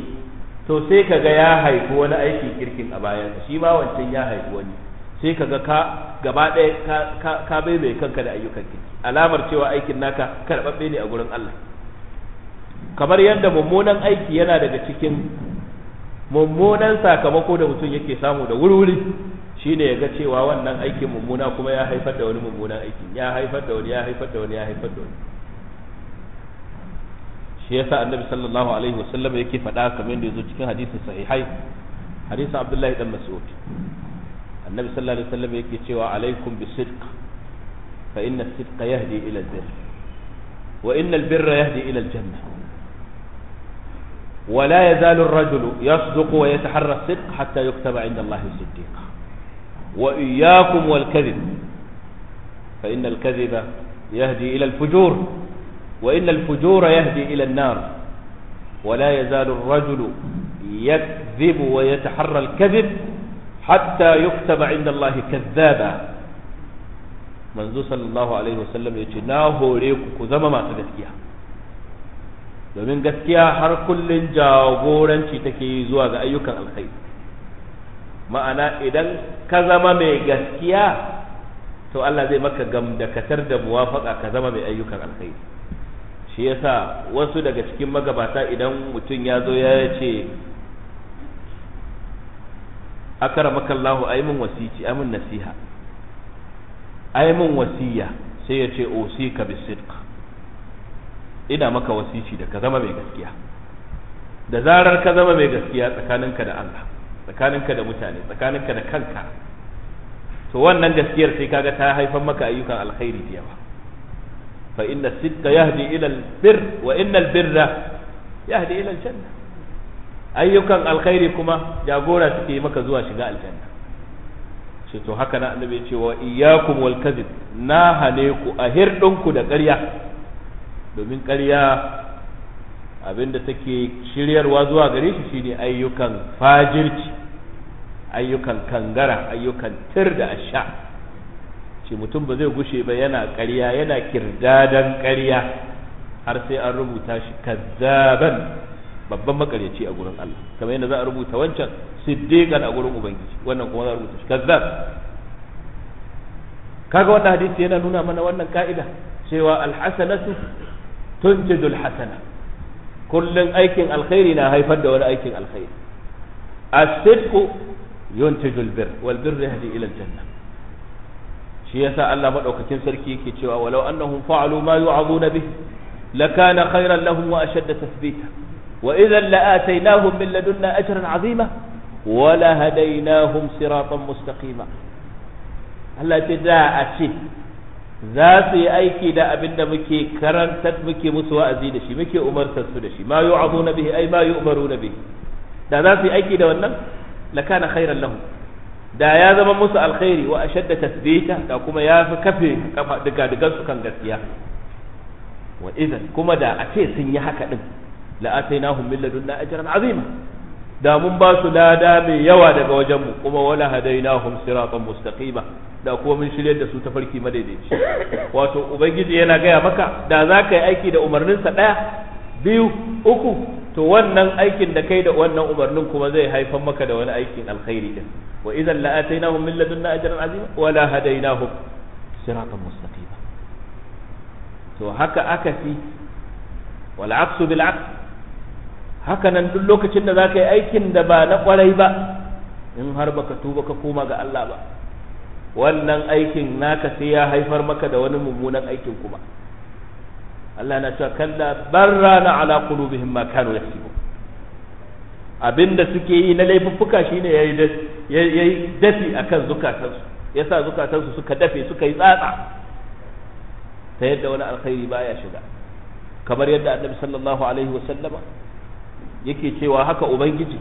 to sai ka ga ya haifi wani aikin kirkin a bayan shi ma wancan ya haifi wani sai ka ga ka gaba ɗaya ka bai mai kanka da ayyukan kirki alamar cewa aikin naka karɓaɓɓe ne a gurin Allah kamar yadda mummunan aiki yana daga cikin mummunan sakamako da mutum yake samu da wuri-wuri ne ya ga cewa wannan aikin mummuna kuma ya haifar da wani mummunan aikin ya haifar da wani ya haifar da wani ya haifar da wani shi yasa annabi sallallahu alaihi wasallam yake fada kamar yadda yazo cikin hadisi sahihai hadisi abdullahi dan mas'ud annabi sallallahu alaihi wasallam yake cewa alaikum bisidq fa inna sidqa yahdi ila albirr wa inna albirra yahdi ila aljanna ولا يزال الرجل يصدق ويتحرى الصدق حتى يكتب عند الله الصديق وإياكم والكذب فإن الكذب يهدي إلى الفجور وإن الفجور يهدي إلى النار ولا يزال الرجل يكذب ويتحرى الكذب حتى يكتب عند الله كذابا منذ صلى الله عليه وسلم يتناه ليك كذما ما تذكيها ومن قسكيا حر كل جاغورا تكي زواغ أيك الخير ما أنا إذن كذما ما قسكيا تو الله زي مكة قم دكتر دموافق كذما ما أيك الخير shi yasa wasu daga cikin magabata idan mutum ya zo ya ce akara makallahu ai mun wasici ai mun nasiha ai mun wasiya sai ya ce bi bisidq ina maka wasici da ka zama mai gaskiya da zarar ka zama mai gaskiya tsakaninka da Allah tsakaninka da mutane tsakaninka da kanka to wannan gaskiyar sai kaga ta haifar maka ayyukan alkhairi da yawa fa inna sidqa yahdi ila albir wa innal birra yahdi ila aljanna ayyukan alkhairi kuma jagora su ke maka zuwa shiga aljanna shi to haka na annabi ya ce wa iyyakum wal kadhib na hane ku a hirdinku da ƙarya domin ƙarya abinda take shiryarwa zuwa gare shi shine ayyukan fajirci ayyukan kangara ayyukan tir da asha ce mutum ba zai gushe ba yana ƙarya yana kirdadan ƙarya har sai an rubuta shi kazzaban babban makaryaci a gurin Allah kamar yadda za a rubuta wancan siddiqan a gurin ubangiji wannan kuma za a rubuta shi kazzab kaga wannan hadisi yana nuna mana wannan ka'ida cewa alhasanatu tunjidu alhasana kullun aikin alkhairi na haifar da wani aikin alkhairi as-sidqu yuntidu albir wal birru yahdi ila aljanna shi yasa Allah madaukakin sarki yake cewa walau annahum fa'alu ma yu'azuna bih lakana khairan lahum wa ashadda tathbita wa idhan la'ataynahum min ladunna ajran 'azima wa lahadaynahum siratan mustaqima Allah ce da a ce za su yi aiki da abin da muke karantar muke musu wa'azi da shi muke umartar su da shi ma yu'azuna bihi ay ma yu'maruna bih da za su yi aiki da wannan lakana khairan lahum da ya zama musu alkhairi wa ashadda tasbita da kuma ya fi kafe kafa daga digan su kan gaskiya wa idan kuma da a ce sun yi haka din la atainahum min ladunna ajran azima da mun ba su lada mai yawa daga wajen mu kuma wala hadainahum siratan mustaqima da kuma mun shirye da su ta farki madaidaici wato ubangiji yana gaya maka da za ka yi aiki da umarninsa ɗaya biyu uku to wannan aikin da kai da wannan umarnin kuma zai haifar maka da wani aikin alkhairi din wa idan la atainahum min ladunna ajran azima wa la hadainahum siratan mustaqima to haka aka fi wal aksu bil aks haka nan duk lokacin da zaka yi aikin da ba na kwarai ba in har baka tuba ka koma ga Allah ba wannan aikin naka sai ya haifar maka da wani mummunan aikin kuma Allah na cewa kalla barrana ala qulubihim ma kanu yaktubu abinda suke yi na laifuffuka shine yayi yayi dafi akan zukatansu yasa zukatansu suka dafe suka yi tsatsa ta yadda wani alkhairi baya shiga kamar yadda annabi sallallahu alaihi wasallama yake cewa haka ubangiji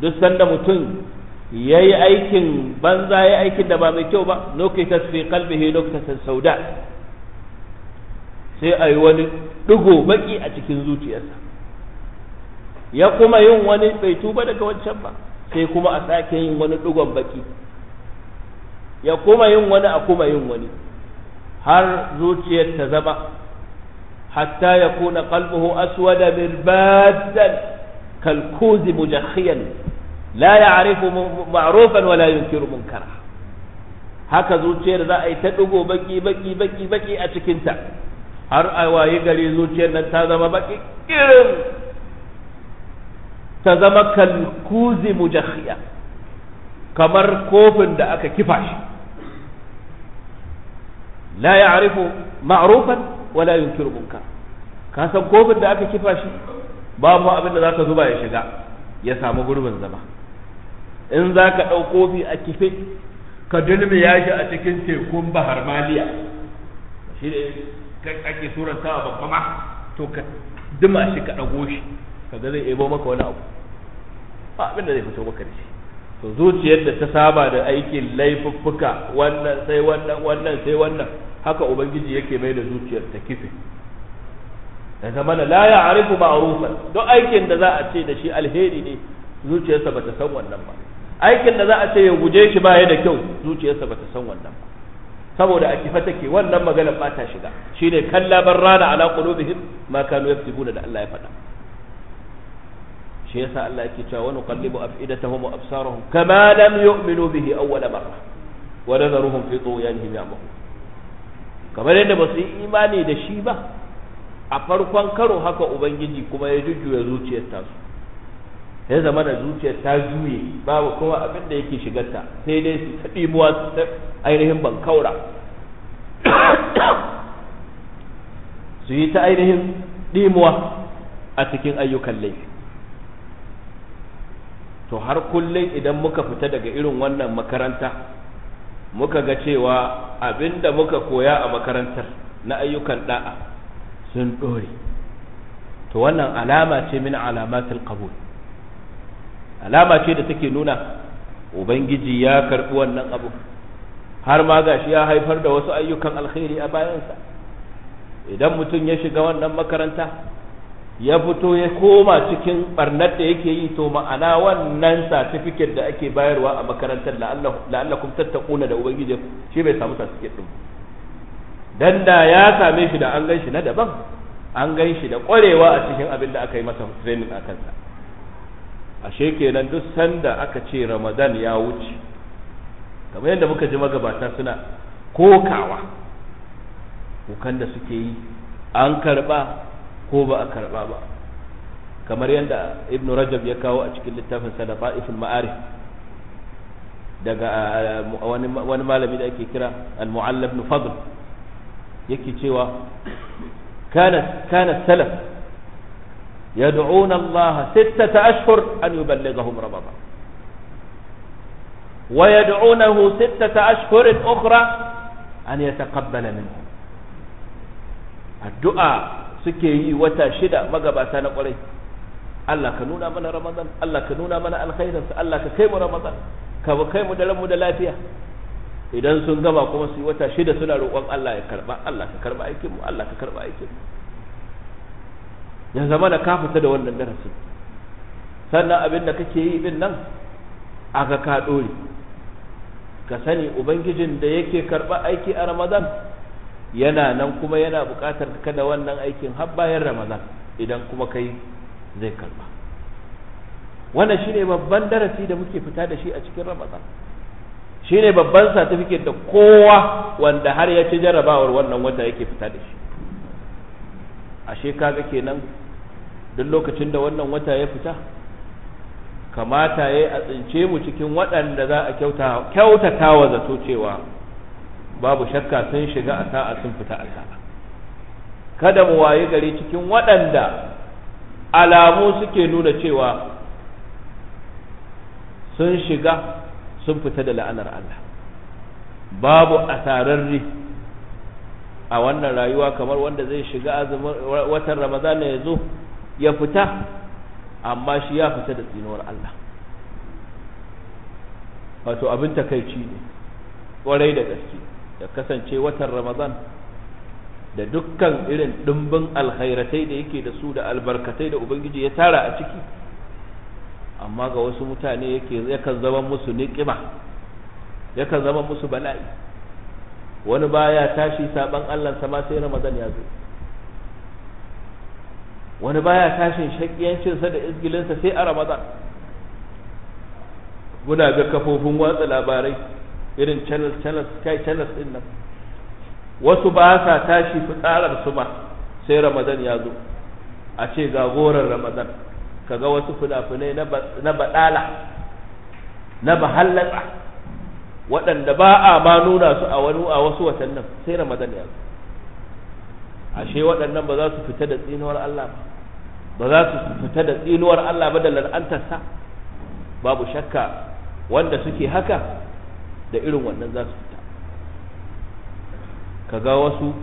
duk sanda mutum yayi aikin banza yayi aikin da ba mai kyau ba nukitat fi qalbihi nuktatan sauda sai a yi wani ɗigo baƙi a cikin zuciyarsa ya kuma yin wani bai tuba daga wancan ba sai kuma a sake yin wani ɗigon baƙi ya kuma yin wani a kuma yin wani har zuciyar ta zama hatta ya kuna kalbuhu aswada mirbadan kalkuzi mujahiyan la arifu ma'rufan wala yunkiru munkara haka zuciyar za a yi ta ɗigo baki baki baki baki a cikinta har a wayi gari zuciyar nan ta zama baki irin ta zama kalkuzi mujahiya kamar kofin da aka kifa shi la ya'rifu ma'rufan wala yunkiru munkar ka san kofin da aka kifa shi babu abin da zaka zuba ya shiga ya samu gurbin zama in zaka ɗau kofi a kife ka ya shi a cikin tekun bahar maliya shi ake surantawa babba ma to ka dima shi ka ɗago shi kaga zai ebo maka wani abu ba abin da zai fito maka da shi to zuciyar da ta saba da aikin laifuffuka wannan sai wannan wannan sai wannan haka ubangiji yake mai da zuciyar ta kife da zamana la ya'rifu ma'rufan don aikin da za a ce da shi alheri ne zuciyarsa ba ta san wannan ba aikin da za a ce ya guje shi ya da kyau zuciyarsa ba ta san wannan ba saboda a kifa take wannan maganar ba ta shiga shine kalla barrana ala qulubihim ma kanu yaktubuna da Allah ya faɗa shi yasa Allah yake cewa wa nuqallibu af'idatahum wa absarahum kama lam yu'minu bihi awwal marra wa nadharuhum fi tughyanihim ya'mahun kamar yadda ba su yi imani da shi ba a farkon karo haka ubangiji kuma ya jujjuya zuciyar tasu ya zama da zuciyar ta juye babu kuma abin da yake shigarta sai dai su ta muwa su ta ainihin bankaura su yi ta ainihin ɗimuwa a cikin ayyukan laifi to har kullum idan muka fita daga irin wannan makaranta muka ga cewa abin da muka koya a makarantar na ayyukan ɗa'a sun ɗore to wannan alama ce min alamatul qabul alama ce da take nuna ubangiji ya karɓi wannan abu har ma gashi ya haifar da wasu ayyukan alkhairi a bayansa idan mutum ya shiga wannan makaranta ya fito ya koma cikin barnar da yake yi to ma'ana wannan certificate da ake bayarwa a makarantar la'allakum tattaquna da ubangiji shi bai samu certificate din dan da ya same shi da an gan na daban an gan shi da kwarewa a cikin abin da aka yi masa training a kansa ashe kenan duk sanda aka ce ramadan ya wuce kamar yadda muka ji magabata suna kokawa kukan da suke yi an karba ko ba a karba ba kamar yadda ibn rajab ya kawo a cikin littafin da ifin ma'arif daga eh, wani malami da ake kira al-mu'allab fadl yake cewa kana kana salaf يدعون الله ستة أشهر أن يبلغهم رمضان ويدعونه ستة أشهر أخرى أن يتقبل منهم الدعاء سكي وتاشدة مقبا نقولي Allah ka nuna mana Ramadan Allah ka nuna mana alkhairinsa Allah ka kai mu Ramadan ka kai mu da ranmu da lafiya idan sun gama kuma su yi wata shida suna roƙon Allah ya karba Allah ka karba aikin mu Allah ka karba aikin mu ya zama da ka fita da wannan darasi. sannan abin da kake yi din nan a ga ka dore ka sani ubangijin da yake karba aiki a ramadan yana nan kuma yana buƙatar ka da wannan aikin har bayan ramadan idan kuma kai zai karba wannan shine babban darasi da muke fita da shi a cikin ramadan shine babban satifiket da kowa wanda har ya ci jarrabawar wannan wata yake fita da shi ashe kaga kenan duk lokacin da wannan wata ya fita kamata ya a tsince mu cikin waɗanda za a kyautata wa zato cewa babu shakka sun shiga a sa'a sun fita a sa'a kada mu waye gari cikin waɗanda alamu suke nuna cewa sun shiga sun fita da la'anar Allah babu asararri a wannan rayuwa kamar wanda zai shiga azumin watan ramadan ya zo ya fita amma shi ya fita da tsinuwar Allah wato abin takaici ne kwarai da gaske da kasance watan ramadan da dukkan irin dimbin alkhairatai da yake da su da albarkatai da ubangiji ya tara a ciki amma ga wasu mutane yake yakan zama musu niƙima yakan zama musu bala'i wani baya tashi saban Allah sama sai Ramadan ya zo wani baya tashin shakiyancin sa da sa sai a Ramadan muna ga kafofin watsa labarai irin channel channel sky channels din nan wasu ba sa tashi fitsarar su ba sai Ramadan ya zo a ce ga goran Ramadan kaga wasu fina-finai na badala na bahallatsa waɗanda ba a ma nuna su a wani a wasu watannin sai ramadan ya ashe waɗannan ba za su fita da tsinuwar Allah ba ba za su fita da tsinuwar Allah ba da lantarsa babu shakka wanda suke haka da irin wannan za su fita kaga wasu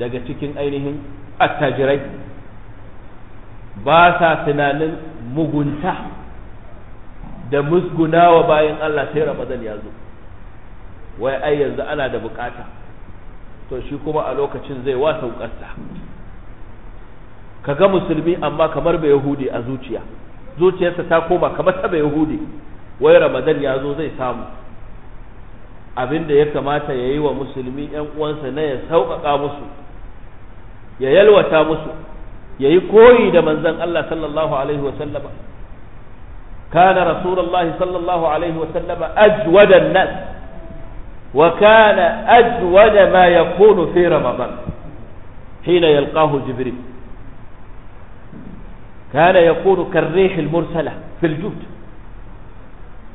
daga cikin ainihin attajirai ba sa tunanin mugunta da musgunawa bayan Allah sai Ramadan ya zo wai ai yanzu ana da bukata to shi kuma a lokacin zai wasa Ka kaga musulmi amma kamar bai yahudi a zuciya zuciyarsa ta koma kamar ta bai yahudi wai Ramadan ya zo zai samu abin da ya kamata ya yi wa musulmi ‘yan uwansa na ya sauƙaƙa musu ya yalwata musu ya yi koyi da manzon Allah sallallahu Alaihi sallama كان رسول الله صلى الله عليه وسلم أجود الناس وكان أجود ما يكون في رمضان حين يلقاه جبريل كان يكون كالريح المرسلة في الجود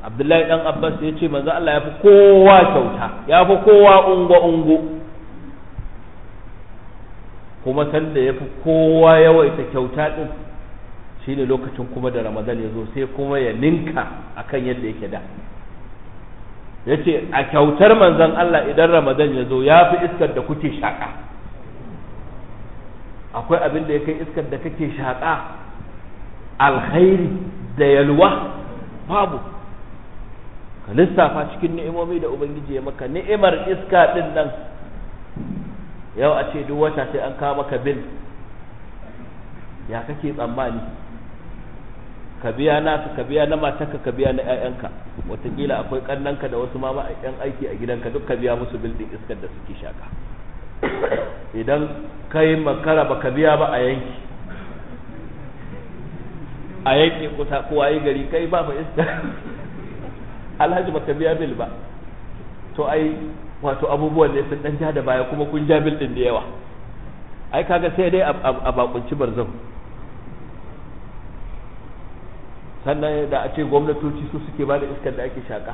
عبد الله بن عباس يجي ما قال الله يفي كوا كوتا يفي كوا أنغو أنغو كما سند يفي كوا يويت كوتا shine lokacin kuma da ramadan ya zo sai kuma ya ninka akan yadda yake da yace a kyautar manzon Allah idan ramadan ya zo ya fi iskar da kuke shaƙa? akwai abin da ya kai iskar da kake shaƙa? alkhairi da yalwa babu ka lissafa cikin ni'imomi da ubangiji ya maka ni'imar iska ɗin nan yau a ce duk wata sai an kawo maka bil ya kake tsammani ka biya nasu ka biya na matarka ka biya na ƴaƴanka wataƙila akwai ƙannanka da wasu ma a ƴan aiki a gidanka duk ka biya musu bildin iskar da suke shaka idan kai makara ba ka biya ba a yanki a yanki kusa kowa yi gari kai ba ba iska alhaji baka biya bil ba to ai wato abubuwan ne sun dan ja da baya kuma kun ja bil din da yawa ai kaga sai dai a bakunci barzan sannan da a ce gwamnatoci su suke ba da iskar da ake shaka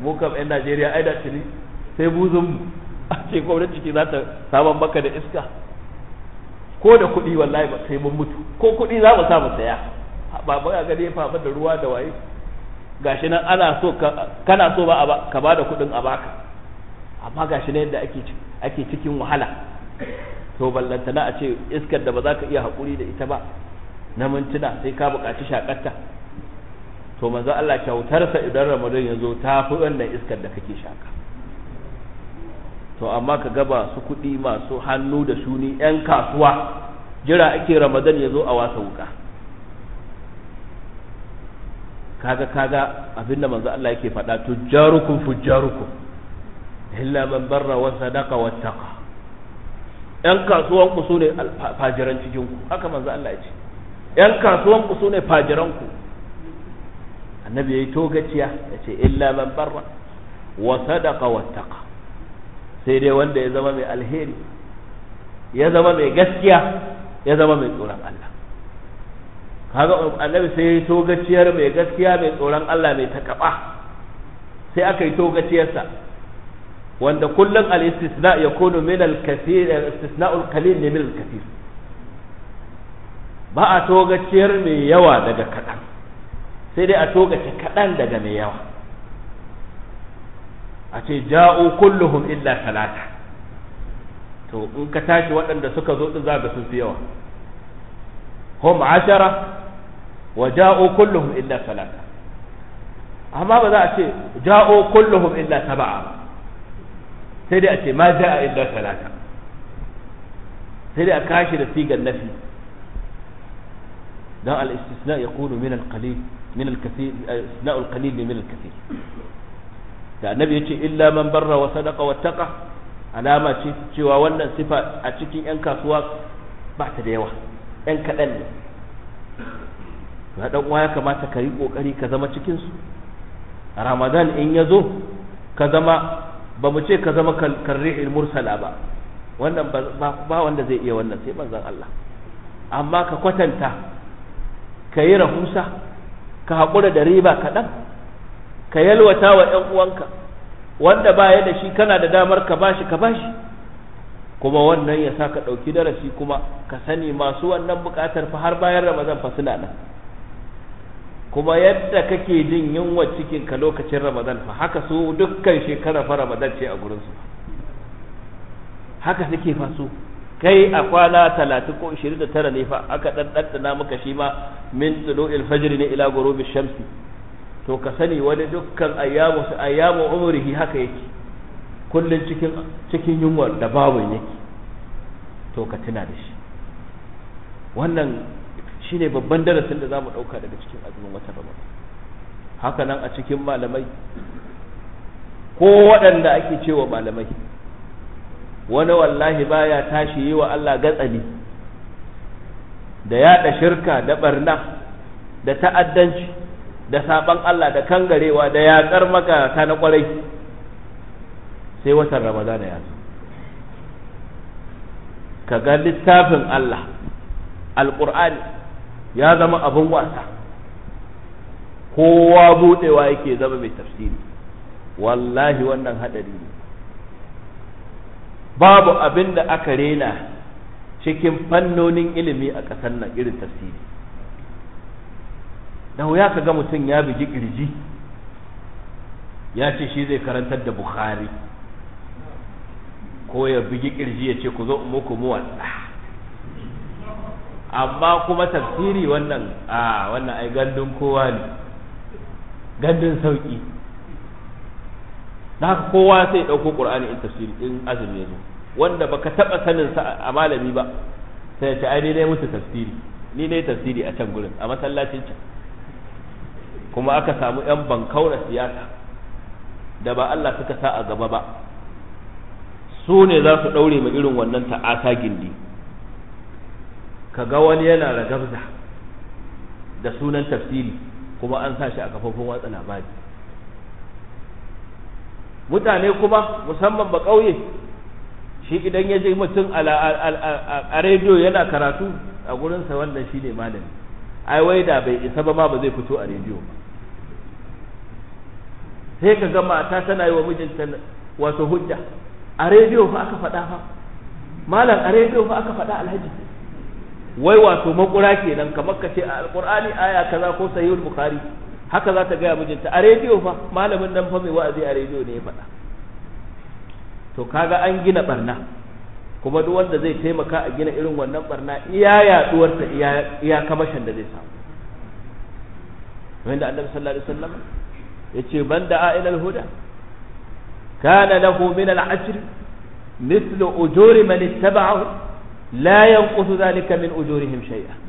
mu kam 'yan najeriya ai da tuni sai buzun a ce gwamnati ce za ta saman maka da iska ko da kuɗi wallahi ba sai mun mutu ko kuɗi za mu mu saya ba ba ga ya fafa da ruwa da waye gashi nan ana so kana so ba ka ba da kuɗin a baka amma gashi nan yadda ake ake cikin wahala to ballantana a ce iskar da ba za ka iya haƙuri da ita ba na mintuna sai ka buƙaci shakarta to manzo Allah kyautarsa idan Ramadan ya zo ta fi wannan iskar da kake shaka to amma ka gaba su kuɗi masu hannu da shuni 'yan kasuwa jira ake Ramadan ya zo a wasa wuka kaga kaga da manzo Allah yake faɗa jarukum fujjarukum illa man barra wa sadaqa taqa yan kasuwan ku sune fajiran cikin ku haka manzo Allah ya ce yan kasuwan ku sune fajiran ku annabi yayi togaciya yace illa man barra wa sadaqa taqa sai dai wanda ya zama mai alheri ya zama mai gaskiya ya zama mai tsoron Allah kaga annabi sai yayi togaciyar mai gaskiya mai tsoron Allah mai takaba sai aka yi togaciyarsa wanda kullum al-istisna yakunu min al-kathir al-istisna al-qalil min al-kathir ba a togaciyar mai yawa daga kaɗan sai dai a togace kaɗan daga mai yawa a ce ja'u kulluhum illa talata to in ka tashi waɗanda suka zo ɗin za ga sun fi yawa hum ashara wa ja'u kulluhum illa talata amma ba za a ce ja'u kulluhum illa saba'a sai dai a ce ma ja'a illa talata sai dai a kashi da sigar nafi dan al-istisna yakunu min al-qalil min al-kathir sana'u al-qalil min al-kathir da annabi yace illa man barra wa sadaqa wa taqa alama ce cewa wannan sifa a cikin yan kasuwa ba ta da yawa yan kadan ne na dan uwa ya kamata ka yi kokari ka zama cikin su ramadan in ya zo ka zama ba mu ce ka zama karri'il mursala ba wannan ba ba wanda zai iya wannan sai manzon Allah amma ka kwatanta ka yi rahusa ka haƙura da riba kaɗan ka yalwata wa ‘yan uwanka wanda baya da shi kana da damar ka bashi ka bashi kuma wannan ya sa ka ɗauki darasi kuma ka sani masu wannan buƙatar fa har bayan ramadan fa suna nan kuma yadda kake jin yunwa cikin ka lokacin ramadan fa haka su dukkan shekara fa ramadan ce a gurinsu haka suke fa su kai a kwana talatin ko ishirin da tara ne fa aka ɗan ɗanɗana maka shi ma min tsulu ilfajiri ne ila gurubi shamsi to ka sani wani dukkan ayyamu su ayyamu umrihi haka yake kullum cikin cikin yunwa da babu yake to ka tuna da shi wannan shine babban darasin da zamu ɗauka daga cikin azumin wata ramadan haka nan a cikin malamai ko waɗanda ake cewa malamai wani wallahi baya tashi yi wa Allah gatsali da yaɗa shirka da barna da ta'addanci da saban Allah da kangarewa da yaƙar makarata na kwarai sai watan ramadana ya zo ka ga littafin Allah alƙur'ani ya zama abin wasa kowa buɗewa yake zama mai tafsiri wallahi wannan hadari ne babu abin da aka rena cikin fannonin ilimi a ƙasar nan irin tafsiri da wuya ka ga mutum ya bugi ƙirji ya ce shi zai karantar da bukhari ko ya bugi ƙirji ya ce ku zo muku wasa? amma kuma tafsiri wannan a wannan ai gandun kowa ne gandun sauƙi da haka kowa sai ya dauko qur'ani in tafsiri in azumi yazo wanda baka taba sanin sa a malami ba sai ya ce ai ne musu tafsiri ni ne tafsiri a can gurin a masallacin can kuma aka samu yan bankaura siyasa da ba Allah suka sa a gaba ba su ne za su daure ma irin wannan ta'ata gindi kaga wani yana ragabza da sunan tafsiri kuma an sa shi a kafofin watsa labari mutane kuma musamman ba ƙauye shi idan ya je mutum a rediyo yana karatu a gurinsa wannan shi ne malami ai wai da bai isa ba ma ba zai fito a rediyo ba sai ka ga mata tana yi wa mijinta wato hujja a rediyo fa aka faɗa fa malam a rediyo fa aka faɗa alhaji wai wato makura kenan kamar ka ce a alqur'ani aya kaza ko sahihul bukhari haka za ta gaya mijinta a rediyo fa malamin nan fa mai wa'azi a rediyo ne ya faɗa to kaga an gina barna kuma duk wanda zai taimaka a gina irin wannan barna iya ta iya kamashin da zai samu wanda annabi sallallahu alaihi wasallam yace man da'a ila al-huda kana lahu min al-ajr mithlu ujuri man ittaba'ahu la yanqusu dhalika min ujurihim shay'an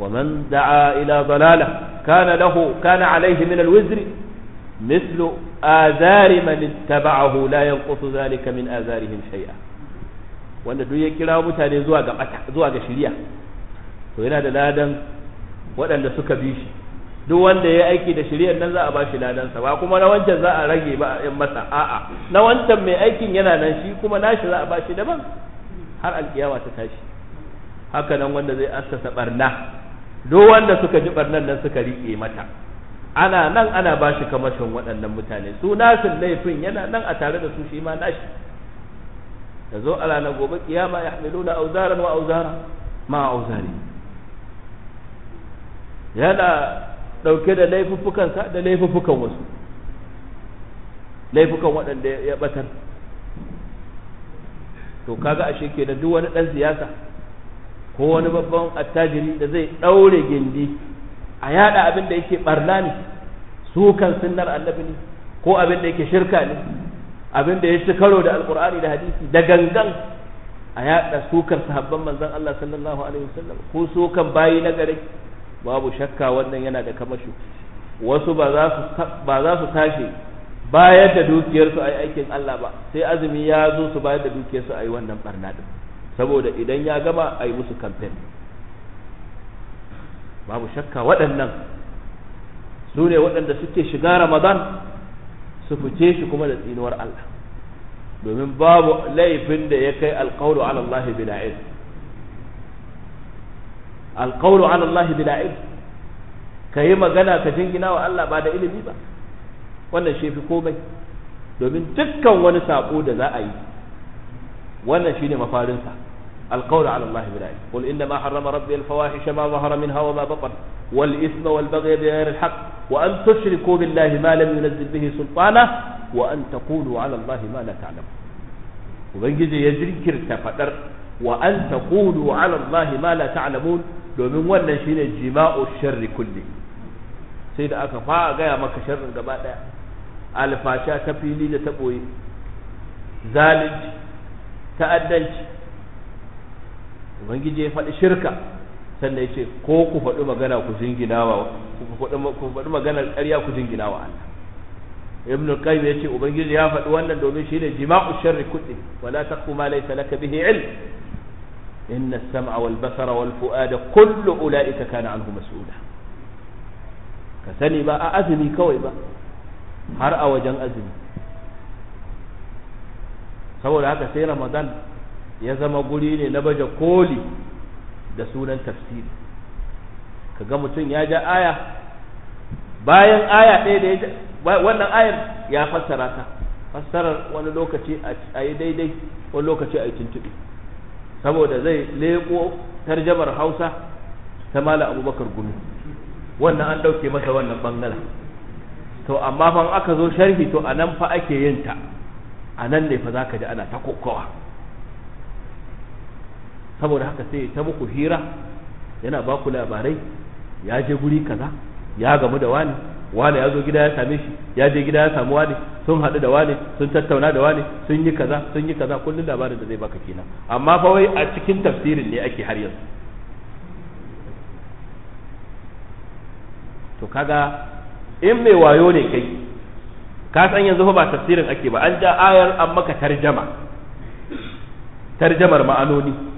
ومن دعا إلى ضلالة كان له كان عليه من الوزر مثل آذار من اتبعه لا ينقص ذلك من آذارهم شيئا wanda duk ya kira mutane zuwa ga bata zuwa ga shiriya to yana da ladan waɗanda suka bi shi duk wanda ya aiki da shiriyar nan za a bashi ladan sa ba kuma na wancan za a rage ba a 'yan masa a'a na wancan mai aikin yana nan shi kuma nashi za a bashi daban har alkiyama ta tashi haka nan wanda zai assasa barna duk wanda suka ji barnan nan suka riƙe mata ana nan ana ba shi kamashin waɗannan mutane su nasin laifin yana nan a tare da su shi ma nashi da zo ala na gobe kiyama ya hamilu na auzaran wa auzara ma auzari yana ɗauke da laifuffukansa da laifuffukan wasu laifukan waɗanda ya ɓatar to kaga ashe kenan duk wani ɗan siyasa ko wani babban attajiri da zai ɗaure gindi a yada abin da yake barna ne sukan sunnar annabi ne ko abin da yake shirka ne abin da ya ci karo da alkur'ani da hadisi da gangan a yada sukar sahabban manzon Allah sallallahu alaihi wasallam ko sukan bayi na gare babu shakka wannan yana da kamashi wasu ba za su tashi bayar da dukiyarsu a aikin Allah ba sai azumi ya zo su bayar da dukiyarsu a yi wannan barna din saboda idan ya gama a yi musu kamfen babu shakka waɗannan su ne waɗanda suke shiga ramadan su fice shi kuma da tsinuwar Allah domin babu laifin da ya kai alƙawlu ala Allah bila ilm alƙawlu Allah ka yi magana ka jingina wa Allah ba da ilimi ba wannan shi fi komai domin dukkan wani sako da za a yi wannan shine mafarinsa القول على الله بلا علم قل إنما حرم ربي الفواحش ما ظهر منها وما بطن والإثم والبغي بغير الحق وأن تشركوا بالله ما لم ينزل به سلطانه وأن تقولوا على الله ما لا تعلم وبنجد يجري كرت فتر وأن تقولوا على الله ما لا تعلمون لو من ولا شين الجماء الشر كله سيد أكا فا ما كشر شر قبالا ألفاشا تبيني تبوي ذلك تأدلش ubangiji ya faɗi shirka sannan ya ce ko ku faɗi magana ku jingina wa ku faɗi magana ƙarya ku jingina wa Allah ibn al-qayyim yace ubangiji ya faɗi wannan domin shine jima'u sharri kulli wala taqfu ma laysa laka bihi ilm inna as-sam'a wal basara wal fu'ada kullu ulaika kana anhu mas'ula ka sani ba a azumi kawai ba har a wajen azumi saboda haka sai ramadan ya zama guri ne na baje koli da sunan tafsiri kaga mutum ya ja aya bayan aya ɗaya da ya wannan ayar ya fassara ta fassarar wani lokaci a yi daidai wani lokaci a yi tuntuɓe saboda zai leƙo tarjamar hausa ta mala abubakar gumi wannan an ɗauke masa wannan bangala to amma fa aka zo sharhi to a nan fa ake yin ta a ne fa za ka ji ana ta kokowa saboda haka sai ta muku hira yana ba ku labarai ya je guri kaza ya gamu da wani wani ya zo gida ya same shi ya je gida ya samu wani sun haɗu da wani sun tattauna da wani sun yi kaza sun yi kaza kullum labarin da zai baka kenan amma fa wai a cikin tafsirin ne ake har yanzu to kaga in mai wayo ne kai ka san yanzu fa ba tafsirin ake ba an ja ayar an maka tarjama tarjamar ma'anoni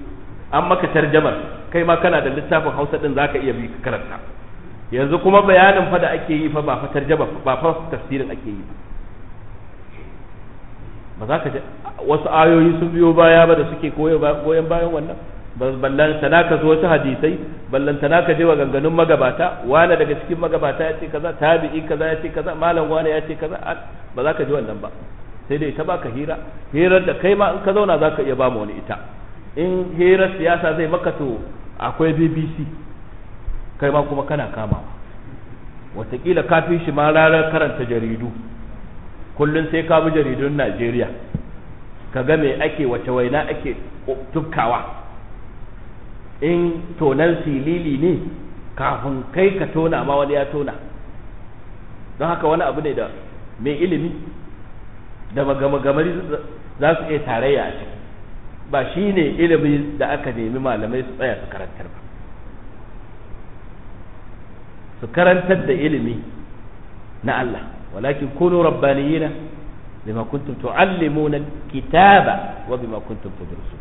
an maka tarjamar kai ma kana da littafin hausa din zaka iya bi ka karanta yanzu kuma bayanin fa da ake yi fa ba fa tarjama ba fa tafsirin ake yi ba za ka wasu ayoyi sun biyo baya ba da suke goyon bayan wannan ballan tanaka zo ta hadisai ballan tanaka je wa ganganun magabata wani daga cikin magabata ya ce kaza tabi'i kaza ya ce kaza malam wani ya ce kaza ba za ka ji wannan ba sai dai ta baka hira hirar da kai ma in ka zauna za ka iya ba mu wani ita in hirar siyasa zai maka to akwai bbc kai ma kuma kana kama watakila ka fi shi ma ranar karanta jaridu kullum sai ka bi jaridun najeriya ka ga me ake wace waina ake tukkawa in tonan silili ne kafin kai ka tona ma wani ya tona don haka wani abu ne da mai ilimi da magamagamari za su iya tarayya a ciki ba shi ne ilimi da aka nemi malamai su tsaya su karantar ba su karantar da ilimi na Allah walakin kunu rabbaniyina bima kuntum tuallimuna kitaba wa bima kuntum tadrusun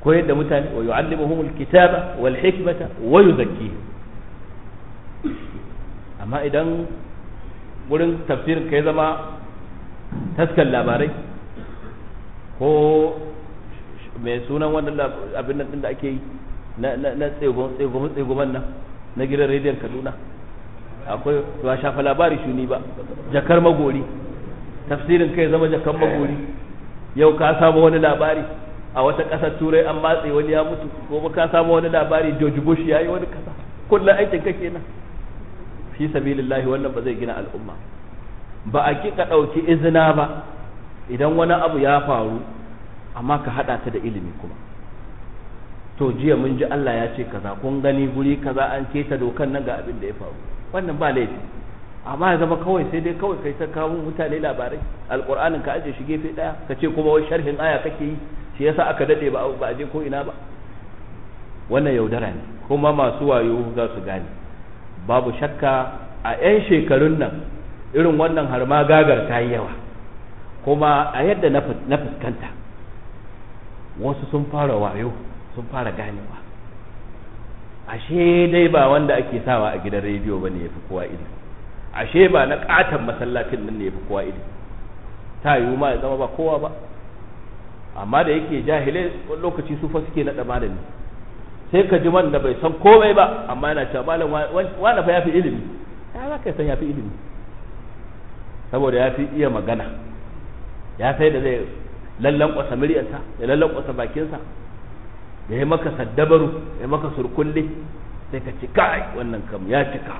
koyar da mutane wa yu'allimuhum alkitaba wal hikmata wa yuzakkihim amma idan wurin tafsirin kai zama taskan labarai ko mai sunan wannan abin nan din da ake yi na na tsego man nan na gidan rediyon kaduna akwai ba shafa labari shuni ba jakar magori tafsirin kai zama jakar magori yau ka samu wani labari a wata ƙasar turai an matse wani ya mutu ko ka samu wani labari George Bush ya yi wani kasa kullum aikin ka kenan fi sabilillahi wannan ba zai gina al'umma ba a kika ɗauki izina ba idan wani abu ya faru amma ka hada ta da ilimi kuma to jiya mun ji Allah ya ce kaza kun gani guri kaza an keta dokan nan ga abin da ya faru wannan ba laifi amma ya zama kawai sai dai kawai kai ta kawo mutane labarai alqur'anin ka aje shi gefe daya ka ce kuma wai sharhin aya kake yi shi yasa aka dade ba ba je ko ina ba wannan yaudara ne kuma masu wayo za su gane babu shakka a 'yan shekarun nan irin wannan har ma gagar ta yi yawa kuma a yadda na fuskanta wasu sun fara wayo sun fara ganewa ashe dai ba wanda ake sawa a gidan rediyo ba ne ya fi kowa ido ashe ba na katon masallacin nan ne ya fi kowa ido ta yiwu ma ya zama ba kowa ba amma da yake jahilai wani lokaci su fa suke naɗa malami sai ka ji wanda bai san komai ba amma yana cewa malam wani fa ya fi ilimi ya za ka san ya fi ilimi saboda ya fi iya magana ya sai da zai lallan kwasa muryarsa ya lallan kwasa bakinsa ya yi maka saddabaru ya yi maka surkulle sai ka cika wannan kam ya cika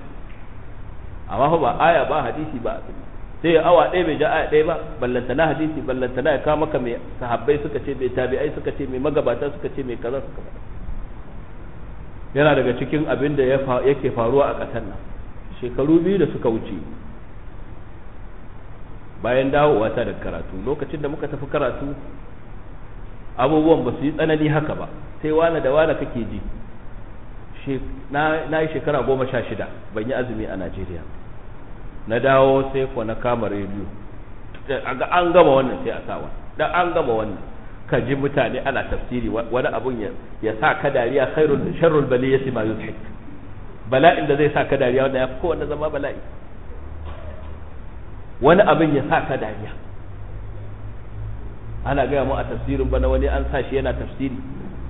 amma fa ba aya ba hadisi ba abin sai ya awa ɗaya bai ja aya ɗaya ba na hadisi na ya kawo maka mai sahabbai suka ce mai tabi'ai suka ce mai magabata suka ce mai kaza suka ba yana daga cikin abin da yake faruwa a ƙasar nan shekaru biyu da suka wuce bayan dawowa ta da karatu lokacin da muka tafi karatu abubuwan ba su yi tsanani haka ba sai wane da wane kake ji na yi shekara goma sha shida ban yi azumi a najeriya na dawo sai ko na kama rediyo an gama wannan sai a sawa dan an gama wannan ka ji mutane ana tafsiri wani abun ya sa ka dariya khairul sharrul bali yasma yuthik bala'in da zai sa ka dariya wanda ya fi kowanne zama bala'i wani abin ya sa ka dariya ana gaya mu a tafsirin bana wani an sa shi yana tafsiri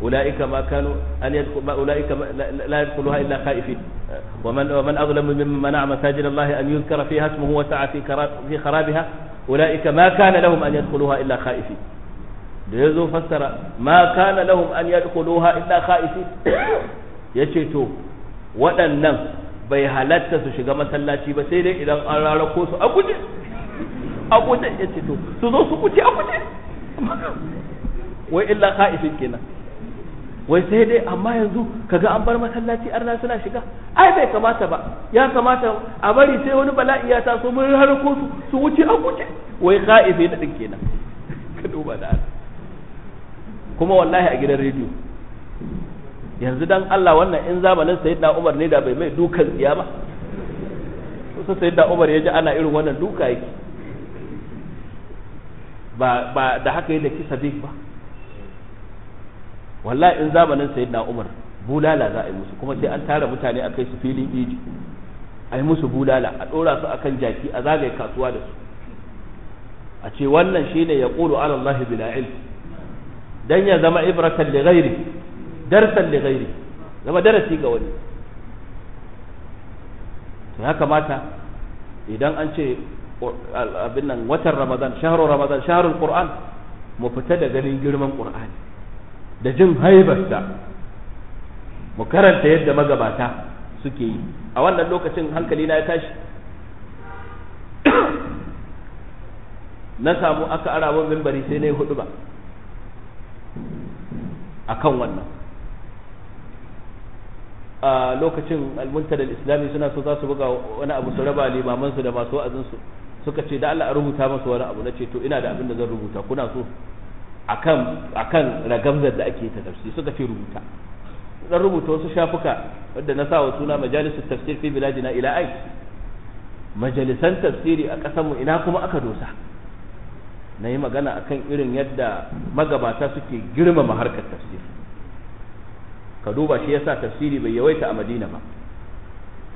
ulaika ma kanu an ulaika la yadkhuluha illa khaifin wa man wa man azlamu mimman mana'a masajid Allah an yuzkara fiha ismuhu wa sa'a fi fi kharabiha ulaika ma kana lahum an yadkhuluha illa khaifin da yazo fassara ma kana lahum an yadkhuluha illa khaifin yace to waɗannan bai halatta su shiga masallaci ba sai dai idan an rarako su a guje a kuce ya ce to su zo su kuce a kuce wai illa ka'ifin kenan wai sai dai amma yanzu kaga an bar masallaci arna suna shiga ai bai kamata ba ya kamata a bari sai wani bala'i ya taso mun har ko su su wuce a kuce wai ka'ife da din kenan ka duba da kuma wallahi a gidan rediyo yanzu dan Allah wannan in zamanin sayyidina Umar ne da bai mai dukan tsiya ba sai sayyidina Umar ya ji ana irin wannan duka yake ba da haka da kisa big ba wallahi in zamanin sayyidina umar bulala za a yi musu kuma sai an tara mutane a kai su filin iji a yi musu bulala a ɗora su akan jaki a zagaye kasuwa da su a ce wannan shine ya ƙulu ala Allah bila ilm dan ya zama ibratan li ghairi darsan li ghairi zama darasi ga wani to ya kamata idan an ce abin nan watan ramadan shaharu ramadan shaharul Kur'an mu fita da ganin girman qur'ani da jin haibarsa mu karanta yadda magabata suke yi a wannan lokacin hankali na ya tashi na samu aka arabon mimbari sai na yi hudu ba a kan wannan a lokacin almuntar islami suna so za su buga wani abu su raba limamansu da masu wa'azinsu suka ce da Allah a rubuta masa wani abu na ce to ina da abin da zan rubuta kuna so a kan ragamzar da ake ta suka ce rubuta dan rubuta wasu shafuka wadda na sa wa suna majalisar tafsir fi biladina ila ai majalisan tafsiri a ƙasar mu ina kuma aka dosa na yi magana a kan irin yadda magabata suke girmama harkar tafsir ka duba shi yasa tafsiri bai yawaita a madina ba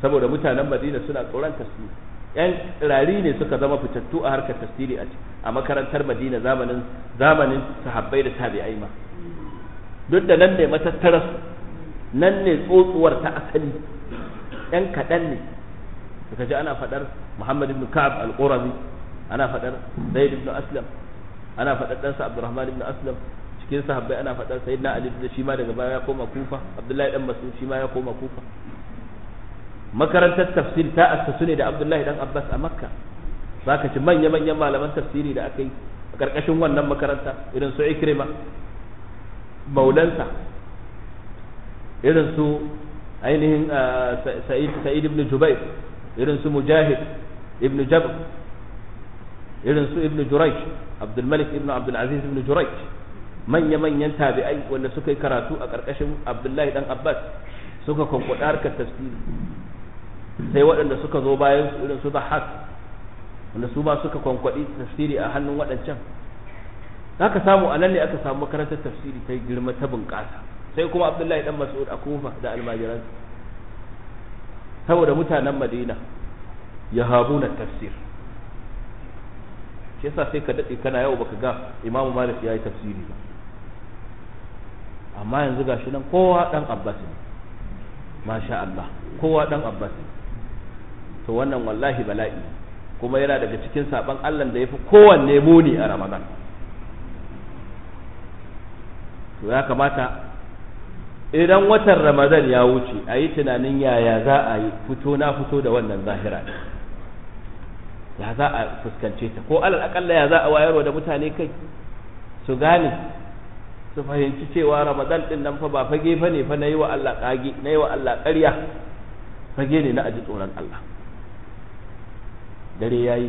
saboda mutanen madina suna tsoron tafsiri yan rari ne suka zama fitattu a harkar tafsiri a makarantar madina zamanin zamanin sahabbai da tabi'ai ma duk da nan ne matattaras nan ne tsotsuwar ta asali yan kaɗan ne suka ji ana faɗar muhammad ibn ka'ab al-qurazi ana faɗar zaid ibn aslam ana faɗar ɗansa abdurrahman ibn aslam cikin sahabbai ana faɗar sayyidina ali da shi ma daga baya ya koma kufa abdullahi dan mas'ud shi ma ya koma kufa makarantar tafsir ta assasu ne da abdullahi dan abbas a makka za ka ci manya-manyan malaman tafsiri da aka yi a ƙarƙashin wannan makaranta irin su ikrima maulansa irin su ainihin ah, sa'id ibn jubair irin su mujahid ibn jabr irin su ibn jurayj abdul malik ibn abdul aziz ibn jurayj manya-manyan tabi'ai wanda suka yi karatu a ƙarƙashin abdullahi dan abbas suka kwankwada harkar tafsiri sai waɗanda suka zo bayan su irin su bahak wanda su ba suka kwankwaɗi tafsiri a hannun waɗancan za samu a nan ne aka samu makarantar tafsiri ta girma ta bunƙasa sai kuma abdullahi dan mas'ud a kufa da almajiransa saboda mutanen madina ya habu na tafsir shi yasa sai ka daɗe kana yau baka ga imamu malik ya yi tafsiri ba amma yanzu gashi nan kowa dan abbas ne masha Allah kowa dan abbas to wannan wallahi bala'i kuma yana daga cikin saban Allah da ya fi kowanne muni a Ramadan to ya kamata idan watan Ramadan ya wuce a yi tunanin yaya za a yi fito na fito da wannan zahira ya za a fuskance ta ko alal akalla ya za a wayarwa da mutane kai su gane su fahimci cewa ramadan din nan fa ba fage fa ne fa na yi wa Allah ƙage na yi wa Allah ƙarya fage ne na aji tsoron Allah dare yayi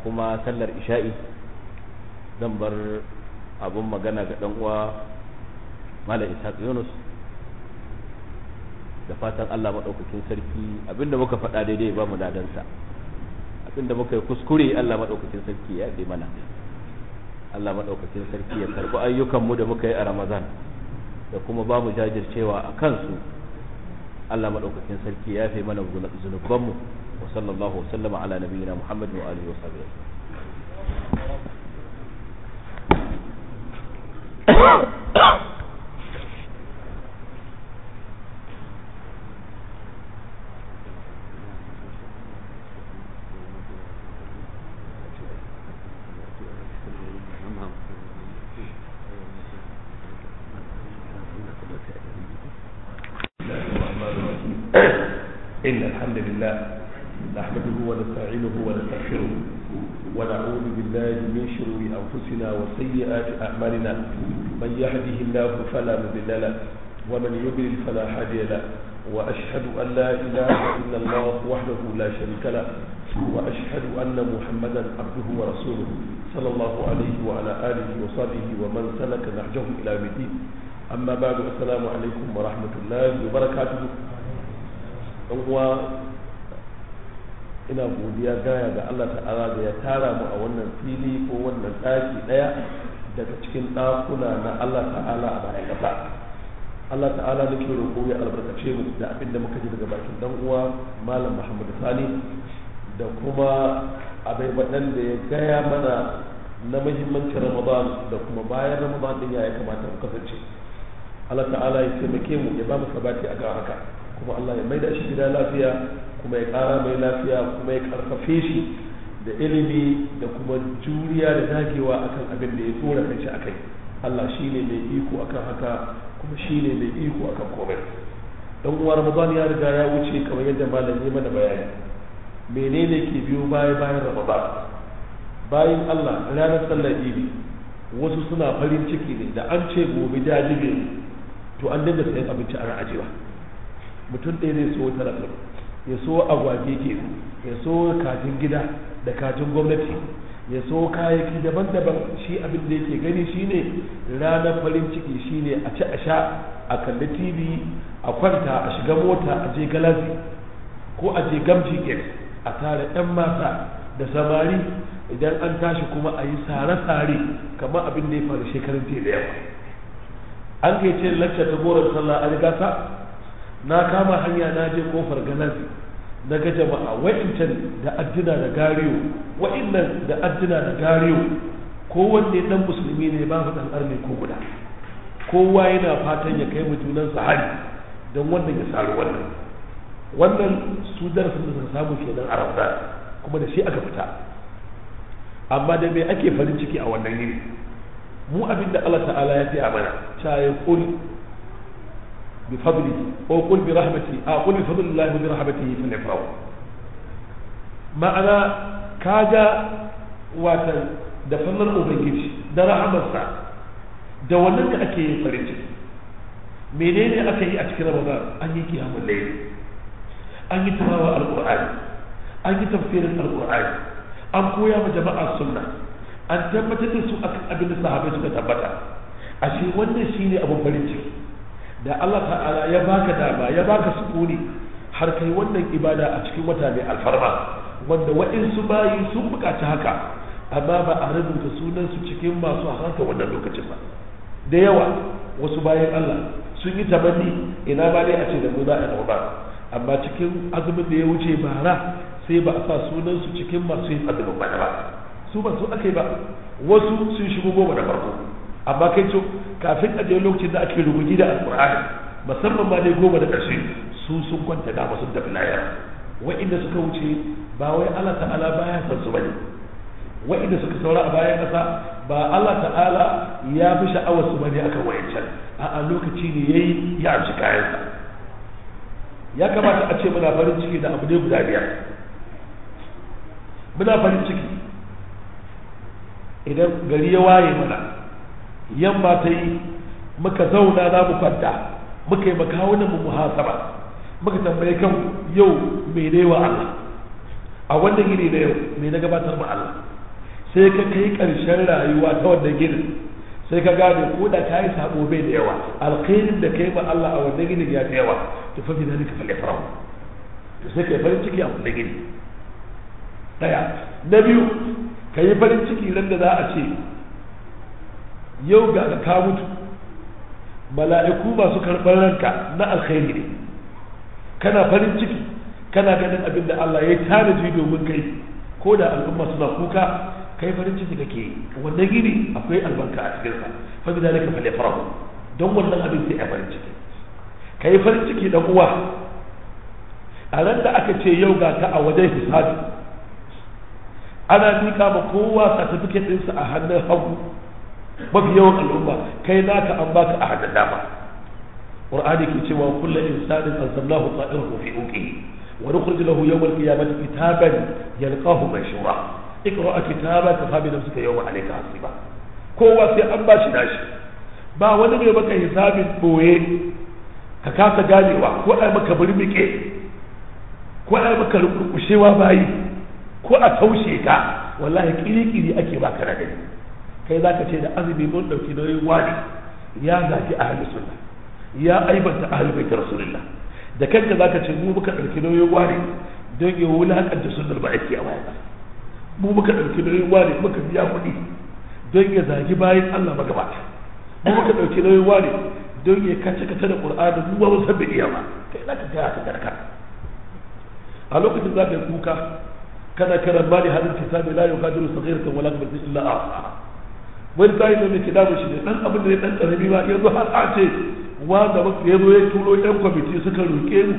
kuma sallar isha'i zan bar abun magana ga ɗan uwa malam Ishaq Yunus da fatan Allah maɗaukakin sarki abinda muka faɗa daidai ba mu dadansa abinda muka yi kuskure Allah maɗaukakin sarki ya yi mana Allah maɗaukakin sarki ya karɓi ayyukanmu da muka yi a Ramadan da kuma ba mu jajircewa a kansu Allah maɗaukakin sarki ya fi mana zunubanmu وصلى الله وسلم على نبينا محمد وآله وصحبه وسلم إن الحمد لله نحمده ونستعينه ونستغفره ونعوذ بالله من شرور أنفسنا وسيئات أعمالنا من يهده الله فلا مضل له ومن يضلل فلا هادي له وأشهد أن لا إله إلا الله وحده لا شريك له وأشهد أن محمدا عبده ورسوله صلى الله عليه وعلى آله وصحبه ومن سلك نهجه إلى الدين أما بعد السلام عليكم ورحمة الله وبركاته ina godiya gaya ga Allah ta'ala da ya tara mu a wannan fili ko wannan ɗaki ɗaya daga cikin ɗakuna na Allah ta'ala a bayan gaba Allah ta'ala nake roƙo ya albarkace mu da abin da muka ji daga bakin dan uwa malam Muhammad Sani da kuma abai baɗan da ya gaya mana na muhimmancin Ramadan da kuma bayan Ramadan din ya kamata mu kasance Allah ta'ala ya taimake mu ya ba mu sabati a haka kuma Allah ya da shi gida lafiya kuma ya ƙara mai lafiya kuma ya karfafe shi da ilimi da kuma juriya da dagewa akan abin da ya tsora kanshi a kai Allah shi ne mai iko akan haka kuma shi ne mai iko akan komai dan uwa Ramadan ya riga ya wuce kamar yadda malami mana bayani menene ke biyo baya bayan Ramadan bayan Allah ranar sallar Idi wasu suna farin ciki ne da an ce gobe jajibe to an dinga sayan abinci a ra'ajiwa mutum ɗaya zai so wata ya so agwaje ke ya so katin gida da katin gwamnati ya so kayaki daban-daban shi abin da yake gani shine ranar farin ciki shine a ci a sha a kalli tv a kwanta a shiga mota a je galazi ko a je gamji gate a tare 'yan mata da samari idan an tashi kuma a yi sare-sare kamar abin da ya faru shekarun da yawa an kai ce lacca ta goron sallah a gasa na kama hanya na je kofar ganazi na ga jama'a wa'incan da addina da gariyo wa'innan da addina da gariyo kowanne dan musulmi ne babu dan arne ko guda kowa yana fatan ya kai mutunan hari don wannan ya saru wannan wannan su darasin da samu ke a ramadan kuma da shi aka fita amma da me ake farin ciki a wannan yini mu abinda Allah ta'ala ya fi mana cha ya بفضله وقل برحمته أقول بفضل الله وبرحمته فليفرح معنى كاجا واتن da fannin ubangiji da rahamarsa da wannan da ake yin farin ciki menene aka yi a cikin ramadan an yi kiyamun laili an yi tunawa alqur'ani an yi tafsirin alqur'ani an koya ma jama'ar sunna an tabbatar da su akan abin da sahabbai suka tabbata ashe wannan shine abin farin ciki da Allah ta'ala ya baka dama ya baka sukuni har kai wannan ibada a cikin wata mai alfarma wanda waɗansu bayi sun buƙaci haka amma ba a rubuta sunansu cikin masu haka wannan lokacin ba da yawa wasu bayan Allah sun yi tabanni ina ba dai a ce da mu za a ba amma cikin azumin da ya wuce bara sai ba a sa sunansu cikin masu yin azumin ba su ba su aka ba wasu sun shigo goma da farko amma kai so kafin a je lokacin da ake rubuci da alqur'ani musamman ma dai goma da ƙarshe su sun kwanta dama sun tafi layar wa'inda suka wuce ba wai Allah ta'ala baya san su bane wa'inda suka saura a bayan ƙasa ba Allah ta'ala ya fi sha'awar su bane akan wayancan a lokaci ne yayi ya amshi kayansa ya kamata a ce muna farin ciki da abu ne guda biyar muna farin ciki idan gari ya waye mana yamma ta yi muka zauna za mu kwanta muka yi makawunan mu muhasaba muka tambaye kan yau mai wa Allah a wannan gini na yau mai na gabatar ma Allah sai ka kai karshen rayuwa ta wannan gini sai ka gane ko da ka yi sabo bai da yawa alkhairin da kai ma Allah a wannan gini ya da yawa to fa bi zalika fal ifrahu to sai yi farin ciki a wannan gini daya na biyu ka yi farin ciki nan da za a ce yau ga ka mutu mala'iku masu karɓar ranka na alkhairi ne kana farin ciki kana ganin abin da Allah ya tanaji domin kai ko da al'umma suna kuka kai farin ciki kake yi wanda gini akwai albarka a cikin sa fa bi dalika fa lafarahu don wannan abin sai a farin ciki kai farin ciki dan uwa a ran da aka ce yau ga ta a wajen hisabi ana mika ma kowa satifiket ɗinsa a hannun hagu mafi yawan al'umma kai naka an baka a hada dama qur'ani ke cewa kullu insanin anzalnahu ta'irahu fi uqi wa nukhrij lahu yawm al-qiyamati kitaban yalqahu mashura iqra kitabaka fa bi nafsika yawma alayka hasiba kowa sai an bashi dashi ba wani mai maka hisabin boye ka kasa ganewa ko ai maka burmike ko ai maka rukushewa bayi ko a taushe ka wallahi kirikiri ake baka na gani kai za ka ce da azumi mun ɗauki nauyin wani ya a ahli suna ya aibanta ahli bait rasulullah da kanka za ka ce mu muka ɗauki nauyin wani don ya da sunan ba aiki a ba mu muka ɗauki nauyin wani muka biya kuɗi don ya zagi bayan Allah magabata mu muka ɗauki nauyin wani don ya kace kace da Qur'ani mu ba mu san bai iya ba kai za ka ga ka karka a lokacin za ka yi kuka kana karan mali hadin kitabi la yuqadiru saghiratan wala kabiratan illa wasu. wani kayan da ke damu shi ne dan abin da ya dan karami ba yanzu har a ce da wasu ya zo ya turo yan kwamiti suka roƙe mu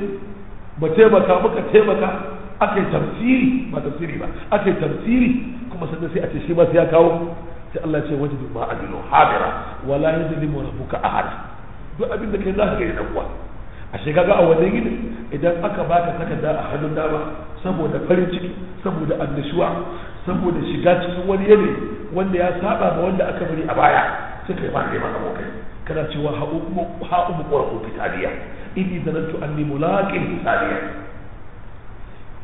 ba taimaka muka taimaka aka yi tafsiri ba tafsiri ba aka yi tafsiri kuma sannan sai a ce shi ba sai ya kawo sai Allah ce wajen ma adilu hadira wala yuzlimu rabbuka ahad duk abin da kai za ka yi dan uwa a shiga ga a wannan gidan idan aka baka takarda a hannun dama saboda farin ciki saboda annashuwa saboda shiga cikin wani yanayi wanda ya saba da wanda aka bari a baya suka kai ma kai abokai kana cewa ha'umu ko fitaliya inni zanantu anni mulaqin fitaliya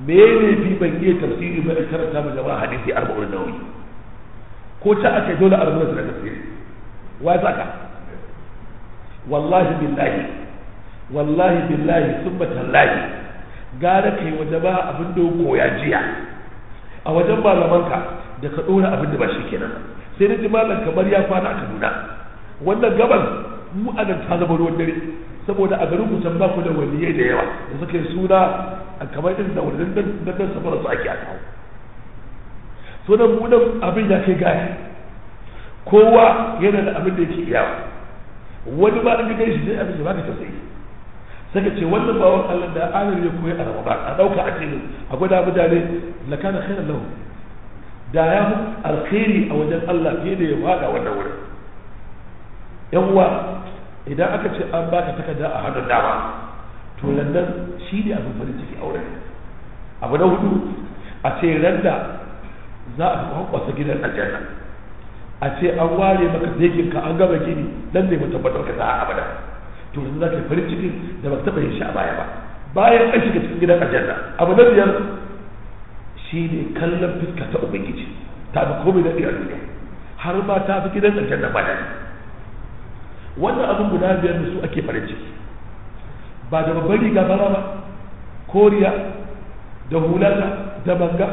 me ne bi ban iya tafsiri ba da karanta ma jama'a hadisi arba'un nawawi ko ta aka dole a arba'un da tafsiri wa ka? wallahi billahi wallahi billahi summa tallahi gara kai wa jama'a abin da koya jiya a wajen malamanka da ka ɗora abin da ba shi kenan sai na ji malam kamar ya kwana a kaduna wannan gaban mu a nan ta zama ruwan dare saboda a garin kusan ba ku da waliyai da yawa da suka suna a kamar irin da wadannan dan dan safara su ake a kawo so nan mu nan abin ya kai gaya kowa yana da abin da yake iyawa wani ma da kai shi sai abin da baka tausayi Saka ce wannan bawan Allah da Allah ya koyi a Ramadan a dauka a cikin a gwada mutane la kana khairan lahu da ya mu alkhairi a wajen Allah fiye da ya wada wannan wurin yan uwa idan aka ce an baka takarda a hannun dama to lallan shi ne abin farin ciki auren abu na hudu a ce randa za a kwasa gidan aljanna a ce an ware maka zekin ka an gama gini dan ne mu tabbatar ka za a abada to yanzu za ka farin ciki da ba taɓa yin a baya ba bayan an shiga cikin gidan aljanna abu na biyar shi ne kallon fuska ta ubangiji ta fi komai na iyalu ne har ma ta fi gidan aljanna ba da wannan abin guda biyar da su ake farin ciki ba da babban riga ba ba koriya da hulata da manga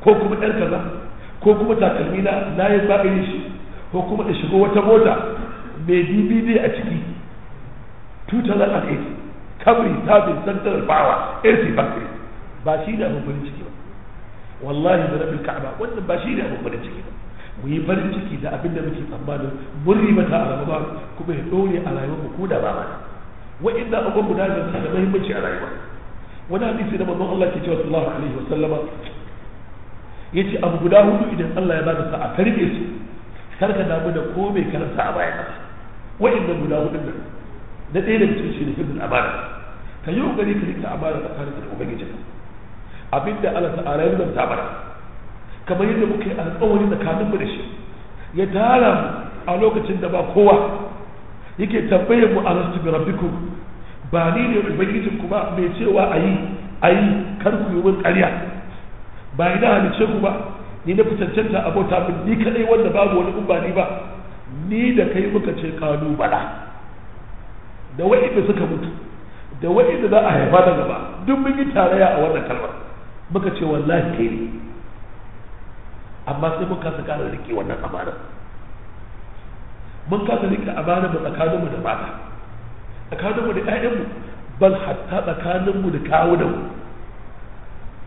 ko kuma ɗan kaza ko kuma takalmi na na yi ba shi ko kuma da shigo wata mota mai dvd a ciki 2008 kabri tabin santar bawa irsi bakri ba shi ne abin farin ciki ba wallahi da rabin ka'aba wannan ba shi ne abin farin ciki ba mu yi farin ciki da abin da muke tsammanin mun ribata a ramadan kuma ya dole a rayuwar mu ko da ba wa inda abubuwan guda da su da muhimmanci a rayuwa wani hadisi da manzon Allah ke cewa sallallahu alaihi wa sallama yace abu guda hudu idan Allah ya bada sa'a karbe su kar ka damu da ko bai karanta a bayan inda guda hudu nan na ɗaya daga cikin shine hibdul abara ka yi ƙoƙari ka rika a tsakanin abin da ala abinda Allah yadda ta bara mana kamar yadda muke yi da tsakanin mu da shi ya tara a lokacin da ba kowa yake tambayar mu alastu bi rabbikum ba ni ne ubangijinku ba mai cewa ayi ayi kar ku yi min ƙarya ba ina halice ku ba ni na ta abota min ni kaɗai wanda babu wani umarni ba ni da kai muka ce kalu bala da wa'inda suka mutu da wa'inda za a haifa da gaba duk mun yi tarayya a wannan kalmar muka ce wallahi kai ne amma sai mun kasa kara rike wannan amana mun kasa rike amana mu tsakaninmu da mata tsakaninmu da ƴaƴanmu bal hatta tsakaninmu da kawunanmu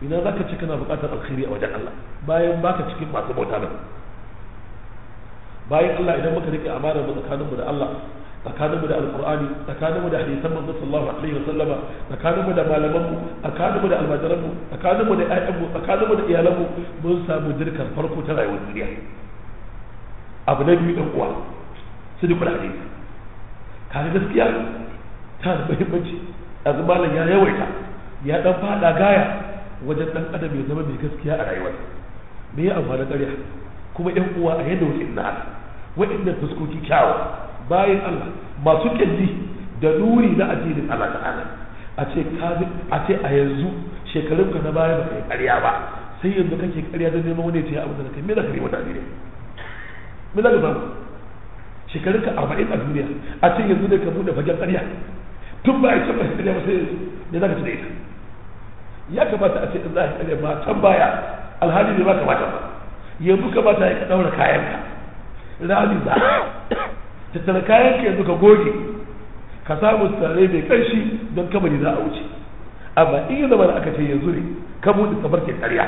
ina za ka ce kana buƙatar alkhairi a wajen Allah bayan baka cikin masu bauta nan bayan Allah idan muka rike amana mu tsakaninmu da Allah tsakaninmu da alkur'ani tsakaninmu da hadisan manzo sallallahu alaihi Sallama, tsakaninmu da mu tsakaninmu da mu tsakaninmu da ƴaƴanmu tsakaninmu da mu mun samu jirkar farko ta rayuwar duniya abu na biyu ɗan uwa sidikul hadisi ga gaskiya ta da muhimmanci yanzu malam ya yawaita ya dan fada gaya wajen dan adam ya zama mai gaskiya a rayuwar me ya amfani ƙarya kuma ɗan uwa a yadda wasu inna wa'in da fuskoki kyawun? bayin Allah masu kyalli da nuri na addinin Allah ta'ala a ce a ce a yanzu shekarun ka na baya baka yi ƙarya ba sai yanzu kake ƙarya don neman wani ya ce abin da kai me za ka nemi mutane ne me za ka ba shekarun ka arba'in a duniya a ce yanzu ne ka buɗe fagen ƙarya tun ba a ce ba ƙarya ba sai yanzu? Me za ka ci da ita ya kamata a ce in za a ƙarya ba can baya alhali ne ba kamata ba yanzu kamata ya ɗaura ɗaura kayanka rani ba tattara kayan ka yanzu ka goge ka samu tare mai karshi don kabari za a wuce amma in ya zama da aka ce yanzu ne ka buɗe kamar ke karya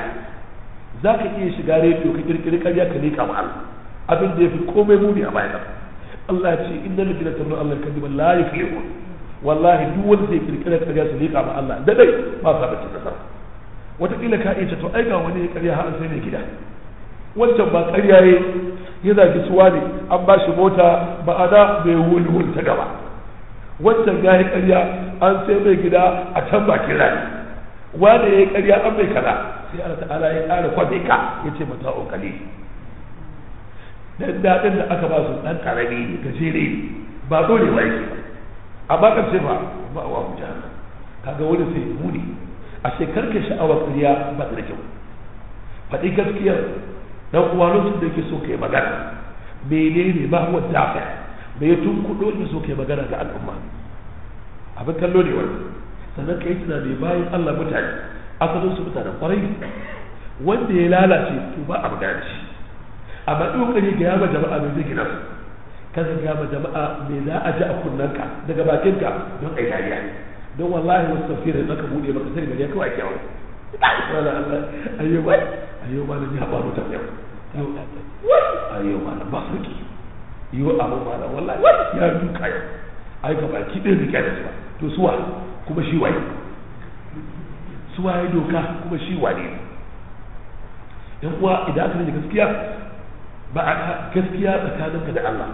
za ka iya shiga rediyo ka kirkiri karya ka ne kama al abin da ya fi komai muni a bayan Allah ya ce inna lillahi wa inna ilaihi Allah kadiba la yuflihun wallahi duk wanda zai kirkira karya su ne kama Allah da dai ba sa bace kasar wataƙila ka iya ce to aika wani ya karya har sai ne gida wancan ba karya yayi ya zaki suwa ne an ba shi mota da mai wulwul ta gaba wancan ya yi karya an sai mai gida a can bakin rani wane ya yi karya an mai kaza sai Allah ta'ala ya ƙara kwafe ka ya ce mata o daɗin da aka ba su ɗan ƙarami ne gajere ne ba dole ba yake ba amma ce ba ba wa mu Ka kaga wani sai muni a shekar ke sha'awar karya ba ta da kyau faɗi gaskiyar dan uwa lokacin da yake so kai magana menene ma huwa dafa me ya kudo ne so kai magana ga al'umma abin kallo ne wannan sannan kai tunani bayan Allah mutane asalin su mutane kwarai wanda ya lalace to ba a magana shi amma in kokari ga yaba jama'a mai zai gina su kada ga yaba jama'a me za a ji a kunnanka daga bakinka don ai dariya don wallahi wasu tafsirin da ka bude maka sai gari ya kawai kyawun Allah ayyuba ayyuba ne ya faru ta yau yau da a yau ma ba sauki yau abu ma da wallahi ya duka yau ai ga baki ɗin rike da suwa to suwa kuma shi waye suwa ya doka kuma shi waye ne yan kuwa idan aka rage gaskiya ba a gaskiya tsakaninka da Allah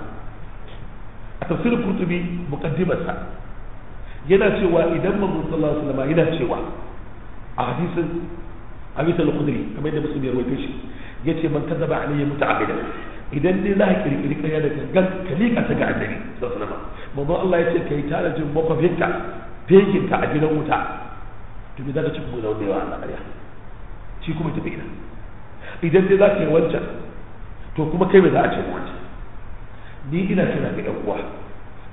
a tafsirin kurtubi muqaddimarsa yana cewa idan manzon sallallahu alaihi wasallam yana cewa a hadisin Abi Sal Khudri kamar yadda Muslim ya rawaito shi ya ce man kazzaba alayya muta'ammidan idan ne za ka kirkiri kariya da gangan ka liƙa ta ga annabi sallallahu alaihi wasallam Allah ya ce ka yi tare jin makwabinka fekinka a gidan wuta to me za ka ci kuma zaune wa Allah ƙarya shi kuma tafi ina idan dai za ka yi wancan to kuma kai me za a ce wancan ni ina kira ga ɗan uwa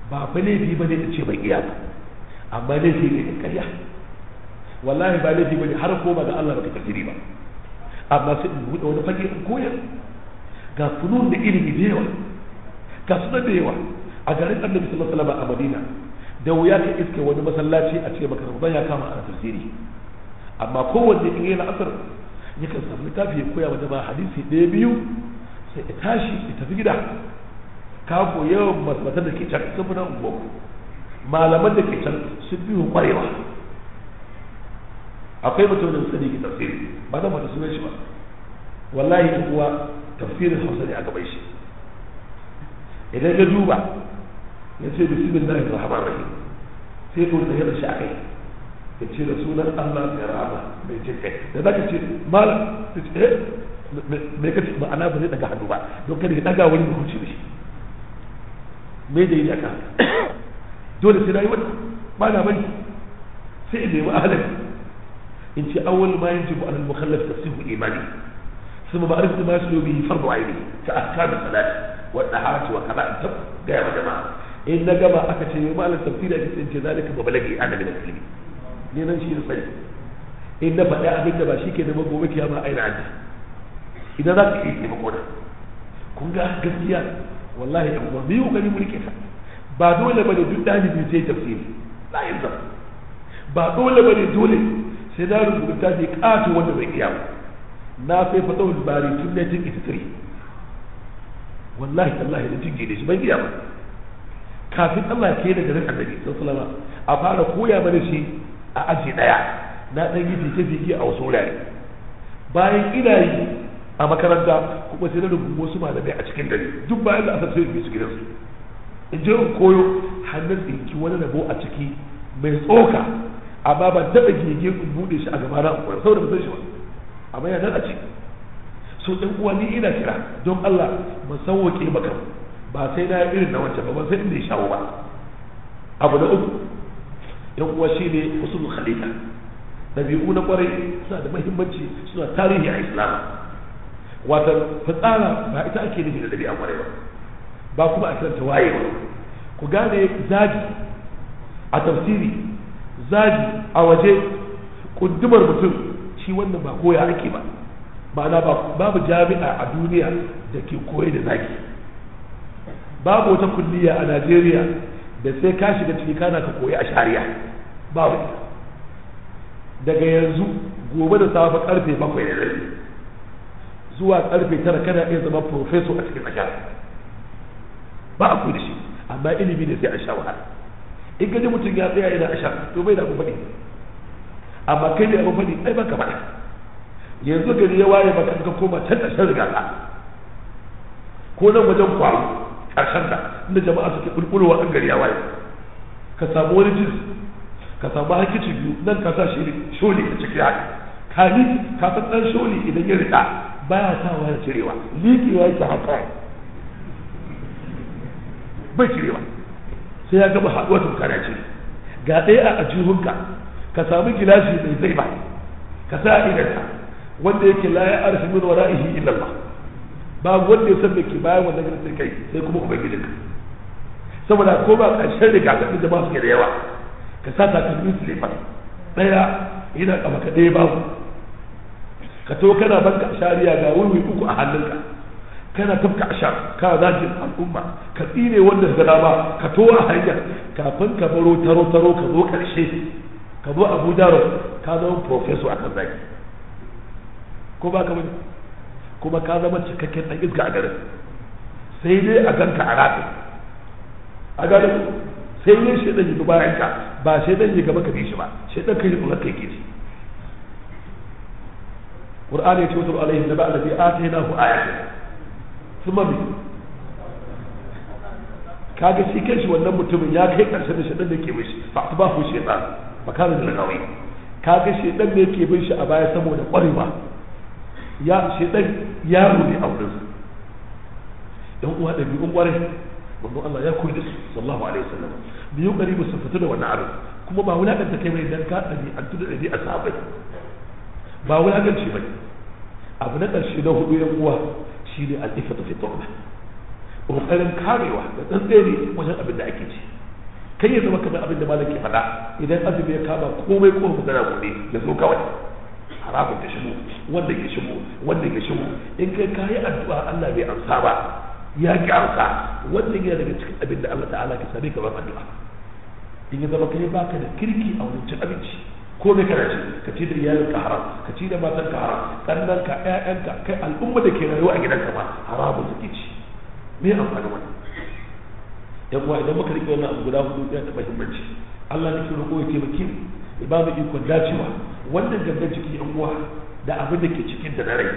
ba fa laifi bane ta ce ban iya ba, amma fi ne ƙarya wallahi ba ba bane har ko ba da Allah ba ta tafiri ba amma sai in buɗe wani fage in koyar ga da ilimi da yawa ga suna da yawa a garin annabi sallallahu alaihi wasallam a madina da wuya ka iske wani masallaci a ce maka ruban ya kama ana tafsiri amma kowanne in la'asar ya kan samu littafi ya koya wani ba hadisi ɗaya biyu sai ya tashi ya tafi gida ka ko yawan masmatar da ke can sun fi nan malamai malaman da ke can sun biyu kwarewa akwai mutum da sani ki tafsiri ba zan fata sunan shi ba wallahi in kuwa tafsirin hausa ne a gaban shi idan ya duba ya ce bismillahir rahmanir rahim sai ko ta yadda shi akai ya ce da sunan Allah ya rama mai jin kai da zaka ce mal eh me kace ma'ana ba zai daga hannu ba don kada ka daga wani hukunci da shi me da yi aka dole sai na yi wannan ba na bani sai in nemi ahalari in ce awal ma yin jibu anan mukallaf ta sifu imani sun ba arziki ma su yobi farbu aini ta aska da salati wadda haraci wa kaza ta gaya wa jama'a in na gama aka ce yi malar tafsiri a cikin ce zalika ba balage a da musulmi ne nan shi ne sani in na faɗi abin da ba shi ke nema gobe kiyama a ina aji idan za ka yi nema gona kun ga gaskiya wallahi yan uwa biyu gani mulke ka ba dole ba ne duk dalibi ce tafsiri la yanzu ba dole ba ne dole sai na rubuta ne ƙato wanda bai iya ba na sai fatahul bari tun 1983 wallahi tallahi da jingine shi ban iya ba kafin Allah ke da garin annabi sallallahu alaihi a fara koya mana shi a aji daya na dan yi fice fice a wasu wurare bayan ina yi a makaranta kuma sai na rubu wasu malamai a cikin dare duk bayan da aka sai bi su gidansu in je in koyo hannun ɗinki wani rabo a ciki mai tsoka amma ban taɓa gege in buɗe shi a gaba na akwai saboda ba san shi ba amma ya nan a ce. so ɗan uwa ni ina kira don Allah ba sauwaƙe maka ba sai na irin na wancan ba ban sai inda ya shawo ba abu na uku ɗan uwa shi ne usulul khalita ɗabi'u na ƙwarai suna da mahimmanci suna tarihi a islam wata fitsara ba ita ake nufi da ɗabi'a ƙwarai ba ba kuma a kiranta ba. ku gane zagi a tafsiri zaji a waje ƙundumar mutum shi wannan ba koya ake ba ma'ana babu jami'a a duniya da ke koyi da zaki babu wata kulliya a najeriya da sai ka shiga ciki kana ka koyi a shari'a babu daga yanzu gobe da safe karfe bakwai da rabi zuwa karfe tara kana iya zama profeso a cikin ajiyar ba a koyi da shi amma ilimi ne sai a sha wahala in ji mutum ya tsaya yana asha to bai da abu faɗi amma kai da abu faɗi ai baka faɗa yanzu gari ya waye maka ka koma can ƙarshen ka ko nan wajen kwaro ƙarshen da inda jama'a suke bulbulowa an gari ya waye ka samu wani jins ka samu hakici biyu nan ka sa shi sholi a cikin haɗi ni ka san ɗan sholi idan ya riƙa baya sa ya cirewa liƙewa yake haka bai cirewa sai ya gaba haɗuwa tunkara ce ga ɗaya a ajihunka ka sami gilashi mai zai ba ka sa a idanka wanda yake laye ya arfi min wara'ihi illa ba wanda ya san me ke bayan wannan gidan kai sai kuma kuma ka. saboda ko ba ƙarshen rigakafi da ba su da yawa ka sa takalmin su lefa ɗaya yana ƙafa ka ɗaya ku ka to kana banka shariya ga wuri uku a hannunka kana tafka ashar ka zagin al'umma ka tsine wanda ga dama ka to a hanya kafin ka baro taro taro ka zo karshe ka zo abuja ro ka zama professor kan zaki ko ba ka bane kuma ka zama cikakken dan iska a garin sai dai a ganka a rafi a garin sai dai shi dan yi bayan ka ba sai dan yi gaba ka bi shi ba sai dan kai kuma kai gishi qur'ani ya ce wa alaihim naba alladhi atainahu ayatuna su mami kaga shi kai shi wannan mutumin ya kai karshen da shaɗan da ke bai shi ba ba ku ɗan ba kana da lagawai kaga ɗan ne ke bai shi a baya saboda ƙwarewa ya ɗan ya ne a su ɗan uwa ɗabi'un ƙwarai manzon Allah ya kuri da su sallallahu alaihi wasallam sallam yi ƙari su fito da wannan abin kuma ba wani ta kai mai dan ka ɗabi'antu da a sahabai ba wani ce ba abu na ƙarshe na hudu yan uwa shi ne al'ifatu fi tuhma kokarin karewa da tsantsere wajen abin da ake ci kai ya zama kamar abin da malam ke faɗa idan azumi ya kama komai ko gana kuɗi ya zo kawai haramun ta shigo wanda ya shigo wanda ya shigo in kai kayi addu'a Allah bai amsa ba ya ki amsa wanda ya daga cikin abin da Allah ta'ala ke sani kamar addu'a in ya zama kai baka da kirki a wajen abinci ko me kana ci ka ci da iyalin ka haram ka ci da matan ka haram kannan ka kai al'umma da ke rayuwa a gidanka ma haramun suke ci me amfani wannan yan uwa idan muka rike wannan abu guda hudu yana da muhimmanci Allah ne ke roƙo ya taimake mu ya ba mu ikon dacewa wannan gangan jiki yan uwa da abin da ke cikin da na rai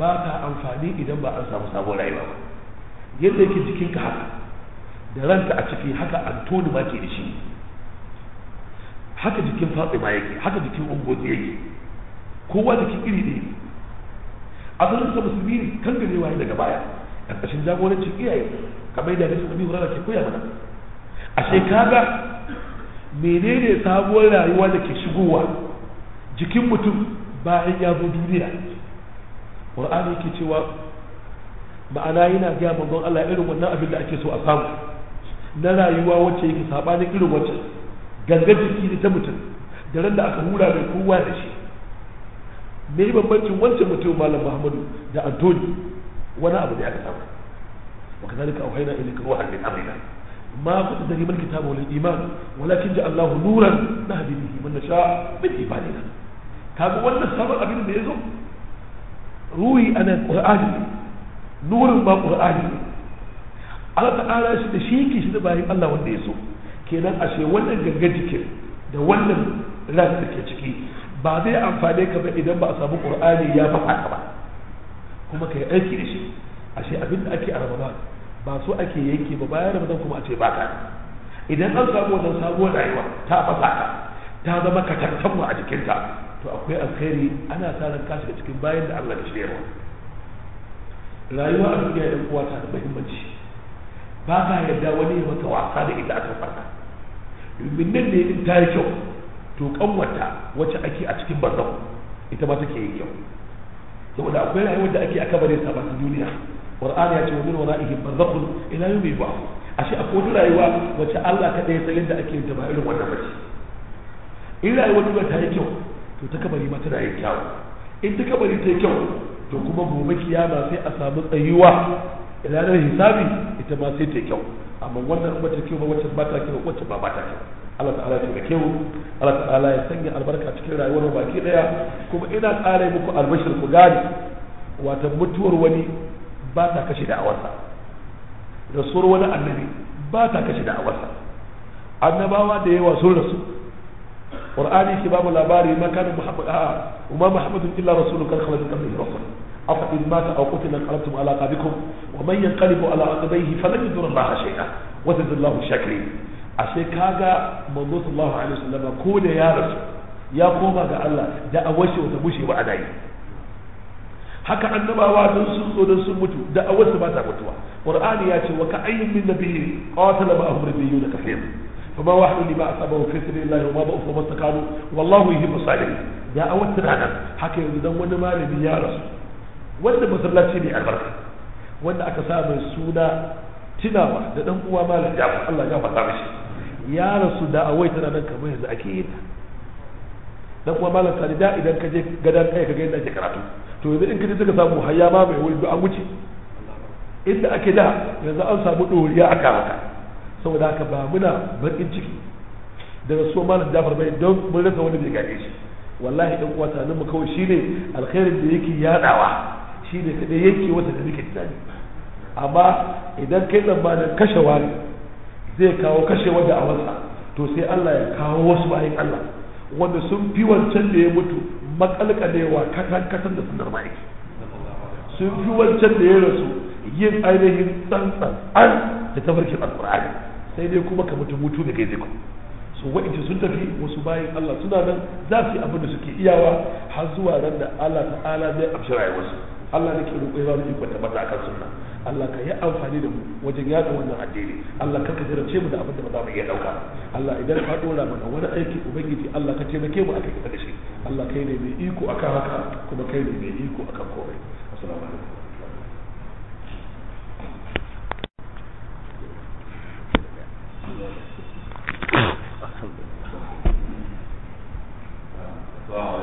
ba ta amfani idan ba an samu sabon rayuwa ba yadda yake jikinka haka da ranka a ciki haka antoni ma ke da shi haka jikin fatima yake haka jikin ungozi yake kowa jiki iri ɗaya ne asalin sa musulmi ne kan gane waye daga baya ƙarƙashin jagorancin iyaye kamar yadda su abi hurara ke koya mana A shekara menene sabuwar rayuwa da ke shigowa jikin mutum bayan ya zo duniya qur'ani yake cewa ma'ana yana gaya manzon Allah irin wannan abin da ake so a samu na rayuwa wacce yake sabanin irin wacce gangar jiki ne ta mutum da ran da aka hura mai kowa da shi me yi bambancin wancan mutum malam muhammadu da antoni wani abu da aka ba wa ka kazalika auhayna ilayka ruhan min amrina ما كنت تدري ما الكتاب ولا الايمان ولكن جعل الله نورا نهدي به من نشاء من ka ga wannan sabon abin da ya zo ruhi a nan ƙur'ani nurin ba ƙur'ani ne Allah ta'ala shi da shi ke shi da bayan Allah wanda ya so kenan ashe wannan ganga jikin da wannan ran da ke ciki ba zai amfane ka ba idan ba a samu qur'ani ya faɗa ka ba kuma kai aiki da shi ashe abin da ake a ramadan ba so ake yanke ba bayan ramadan kuma a ce ba ka idan an samu wannan sabuwar rayuwa ta fasa ka ta zama katantanwa a jikinta to akwai alkhairi ana sa ran kashi da cikin bayan da Allah ya shirya rayuwa a duniya ɗan uwa ta da muhimmanci ba ka yarda wani ya maka wasa da ita a kan farka min nan ne in ta yi kyau to kanwata wacce ake a cikin barzan ita ma take yin kyau saboda akwai rayuwa da ake a kabarin sa ba duniya qur'ani ya ce wa min wara'ihim barzan ila yawmi ba? ashe akwai wata rayuwa wacce Allah ka ya san yadda ake yin ta ba irin wannan bace in rayuwar ta ta yi kyau to ta kabari ma tana yin kyau in ta kabari ta yi kyau to kuma gobe kiyama sai a samu tsayuwa ilanar hisabi ita ma sai ta kyau amma wannan ba ta kyau ba wacce ba ta kyau wacce ba ba ta kyau Allah ta'ala ya taimake mu Allah ta'ala ya sanya albarka cikin rayuwar baki daya kuma ina ƙara muku albashir ku gani wata mutuwar wani ba ta kashe da'awarsa rasuwar wani annabi ba ta kashe da'awarsa annabawa da yawa sun rasu qur'ani shi babu labari ma kana muhammad a'a umma muhammadun illa rasulun kan khalaqa min rasul أفإن مات أو قتل انقلبتم على قابكم ومن ينقلب على عقبيه فلن يضر الله شيئا وزد الله الشاكرين ashe kaga manzo sallallahu alaihi wasallam ko da ya rasu ya koma ga Allah da awashi wata bushe ba adai haka annabawa don sun zo don sun mutu da awasu ba ta mutuwa qur'ani ya ce wa ka ayyin min nabiyyin qatala ma'ahum rabbiyuna kaseer فما وحل لما أصابه في سبيل الله وما بأس وما استقاموا والله يهب الصالحين يا أول تنانا حكى يقول دون ما يا رسول wanda masallaci ne albarka wanda aka sa mai suna tunawa da dan uwa malam Jafar Allah ya faɗa mishi ya rasu da awai tana nan kamar yanzu ake yi dan uwa malam Sani da idan ka je gadan kai ka ga yadda ake karatu to yanzu in kaje suka samu hayya ma mai wuri an wuce inda ake da yanzu an samu doriya a haka saboda haka ba muna bakin ciki da rasuwa malam Jafar bai don mun rasa wani bai gane shi wallahi dan uwa tanin mu kawai shine alkhairin da yake yadawa shi ne ɗaya yanki wata da muke tunani amma idan kai ba tsammanin kashe wani zai kawo kashe wanda a wasa to sai Allah ya kawo wasu bayan Allah wanda sun fi wancan da ya mutu makalkalewa katan katan da sunar ma'aiki sun fi wancan da ya rasu yin ainihin tsantsan an da tafarkin alkur'ani sai dai kuma ka mutu mutu da kai zai kuma su wa'inci sun tafi wasu bayan Allah suna nan za su yi abin da suke iyawa har zuwa ran da Allah ta'ala zai amshi rayuwarsu Allah da ke ya ba mu ikon tabbata akan sunna Allah ka yi amfani da mu wajen yaɗa wannan addini Allah ka ce mu da abin da ba za mu iya ɗauka Allah idan ka dora mana wani aiki ubangiji Allah ka taimake mu akan da shi Allah kai ne mai iko akan haka kuma kai ne mai iko akan komai assalamu alaikum Wow.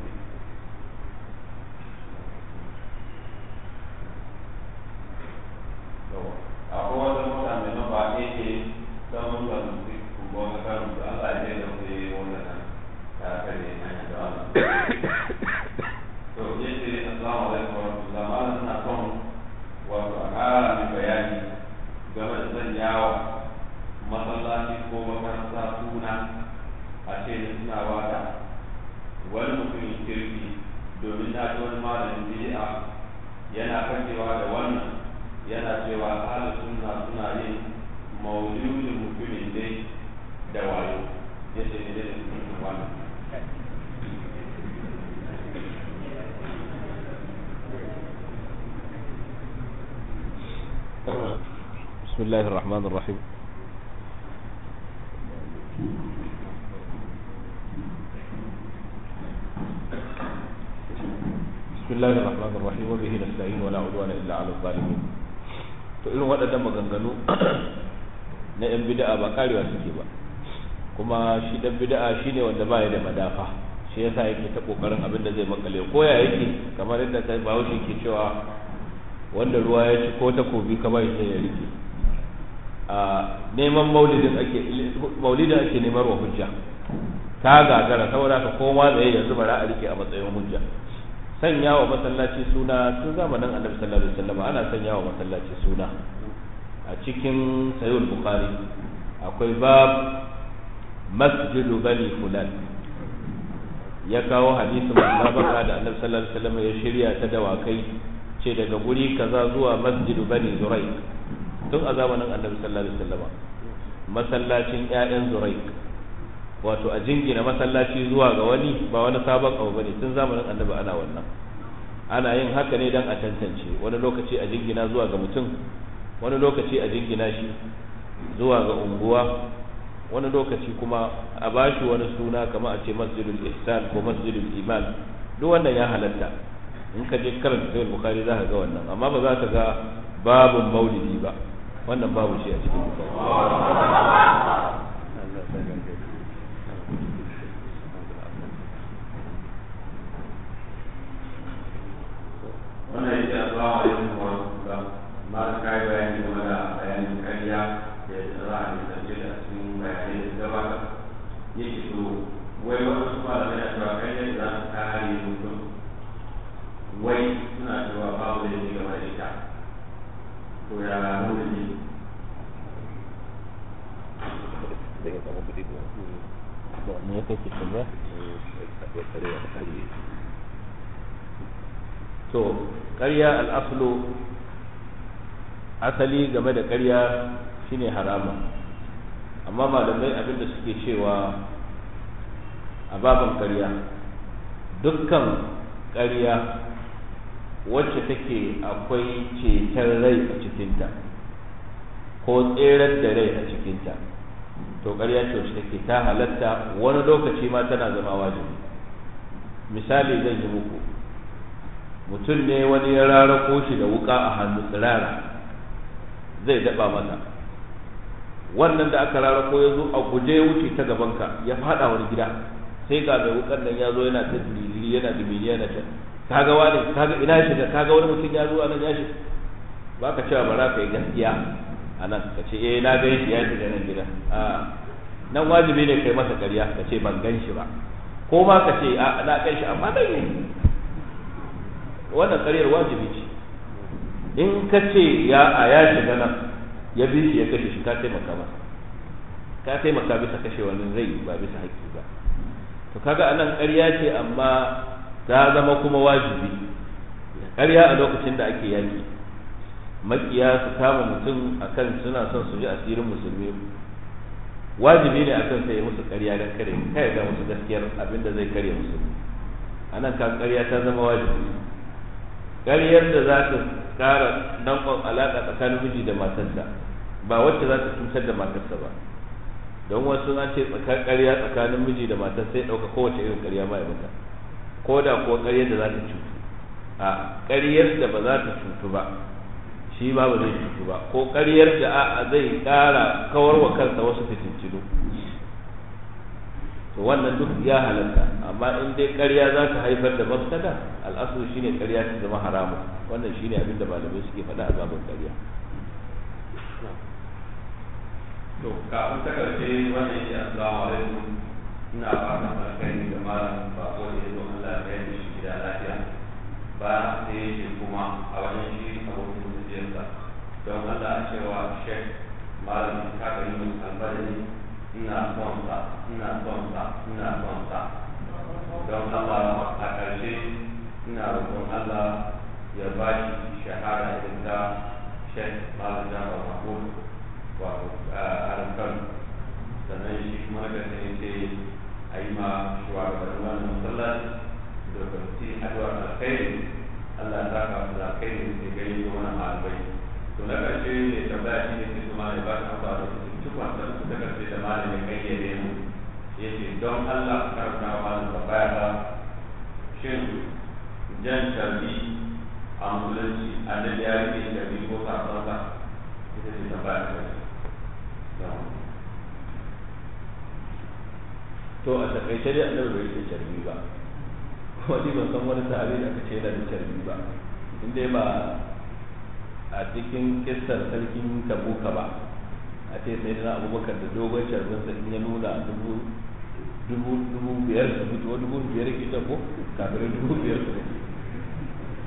akwai mutane na ba karin su ne da su yi wani nan ta kare na da wa son a ƙara bayani game da sanyawa masallaci ko makaranta suna a wani mutumin kirki domin na ji wani malamin bid'a yana fakewa da wannan yana cewa ahli sunna suna yin mauludin mutumin dai da wayo ne da بسم الله الرحمن الرحيم بسم الله الرحمن الرحيم وبه نستعين ولا عدوان إلا على الظالمين to irin waɗannan maganganu na 'yan bida'a ba karewa suke ba kuma shi dan bid'a shine wanda ba ya da madafa shi yasa yake ta kokarin abin da zai makale ko ya yake kamar yadda sai wuce ke cewa wanda ruwa ya ci ko takobi ka bai sai ya rike a neman maulidin ake maulidin ake neman wa hujja ta gagara saboda ka koma zai yanzu bara a rike a matsayin hujja sanya wa masallaci suna tun zamanin annabi sallallahu alaihi wasallam ana sanya wa masallaci suna a cikin sayyid bukhari akwai bab masjidu bani fulan ya kawo hadisin musabaka da annabi sallallahu alaihi wasallam ya shirya ta dawakai ce daga guri kaza zuwa masjidu bani zurai tun a zamanin annabi sallallahu alaihi wasallam masallacin ƴaƴan zurai wato a jingina masallaci zuwa ga wani ba wani sabon abu bane tun zamanin annabi ana wannan ana yin haka ne dan a tantance wani lokaci a jingina zuwa ga mutum wani lokaci a jingina shi zuwa ga unguwa wani lokaci kuma a bashi wani suna kamar a ce masjidul ihsan ko masjidul iman duk wannan ya halatta in ka je karanta sahih bukhari za ka ga wannan amma ba za ka ga babun maulidi ba wannan babu shi a cikin bukhari wannan yake assalamu alaikum wa rahmatullah malam kai bayani game da bayanin kariya da za a yi sanje da cikin bayanai da gabata yake so wai wasu malamai na cewa kariya za su kare mutum wai suna cewa babu da yake game da ita to ya nuna ne daga kamar kudi ne ba mu yake kuma ya kare ya kare to ƙarya al'aslu asali game da ƙarya shine harama, amma malamai abinda suke cewa a baban ƙarya dukkan ƙarya wacce take akwai ceton rai a cikinta ko tserar da rai a cikinta to ƙarya ce wacce take ta halatta wani lokaci ma tana zama wajibi misali zan yi muku mutum ne wani ya rarako shi da wuka a hannu tsirara zai daba mata wannan da aka rarako ya zo a guje wuce ta gabanka ya fada wani gida sai ga mai wukan nan ya zo yana ta diriri yana dimini yana ta kaga wani kaga ina shi da kaga wani mutum ya zo a nan ya shi ba ka cewa ba za ka yi gaskiya a nan ka ce eh na gan shi ya shiga nan gidan a nan wajibi ne kai masa karya ka ce ban gan shi ba ko ma ka ce a na ganshi shi amma dai ne wannan karyar wajibi ce in ka ce ya a ya shiga nan ya bi shi ya kashe shi ka taimaka masa ka taimaka bisa kashe wani zai ba bisa haƙƙi ba to kaga anan ƙarya ce amma ta zama kuma wajibi ƙarya a lokacin da ake yaƙi makiya su kama mutum akan suna son su ji asirin musulmi wajibi ne akan sai ya musu ƙarya don kare kai ga musu gaskiyar abin da zai kare musulmi anan kan ƙarya ta zama wajibi ƙaryar da za ta ƙara danƙon alaƙa tsakanin miji da matarsa ba wacce za ta cutar da matarsa ba don wasu an ce tsakar ƙarya tsakanin miji da matar sai ɗauka kowace irin ƙarya ma ya bata ko da kuwa ƙaryar da za ta cutu a ƙaryar da ba za ta cutu ba shi ba ba zai cutu ba ko ƙaryar da a zai ƙara kawar wa kansa wasu fitin to wannan duk ya halatta amma in dai ƙarya za ta haifar da mafsada al'asar shine ƙarya ta zama haramu wannan shine abin da malamai suke faɗa a babin ƙarya to kafin ta karshe wannan shi assalamu alaikum ina ta alkhairi da malam ba ko da yanzu Allah ya yi shi gida lafiya ba yi shi kuma a wajen shi abokin mutujiyarsa don Allah cewa shek malam ka ga yi mun albarani na son sa ina son sa don Allah a ƙarshe ina roƙon Allah ya ba shi shahara irin ta Sheikh Malam Mahmud wato Alkan sannan shi kuma da ne ce a yi ma shugaban wannan musallar da kwamci haɗuwar alkhairi Allah ta kafa da alkhairi da gani wannan malamai to na ƙarshe ne tambaya shi ne kuma ya ba shi amfani da cikon da suka karfe da malamin gayyare mu ya ce don Allah karfa malam da baya shin jan tarbi a musulunci a da ya rike tarbi ko kasuwa ita ce ta baya to a takaice dai annabi bai ce tarbi ba kuma ni ban san wani sahabi da aka ce yana da tarbi ba inda ba a cikin kissar sarkin tabuka ba a ce sai da abubakar da dogon sharbinsa in ya nuna dubu biyar su fito dubu biyar kita ko kafin dubu biyar su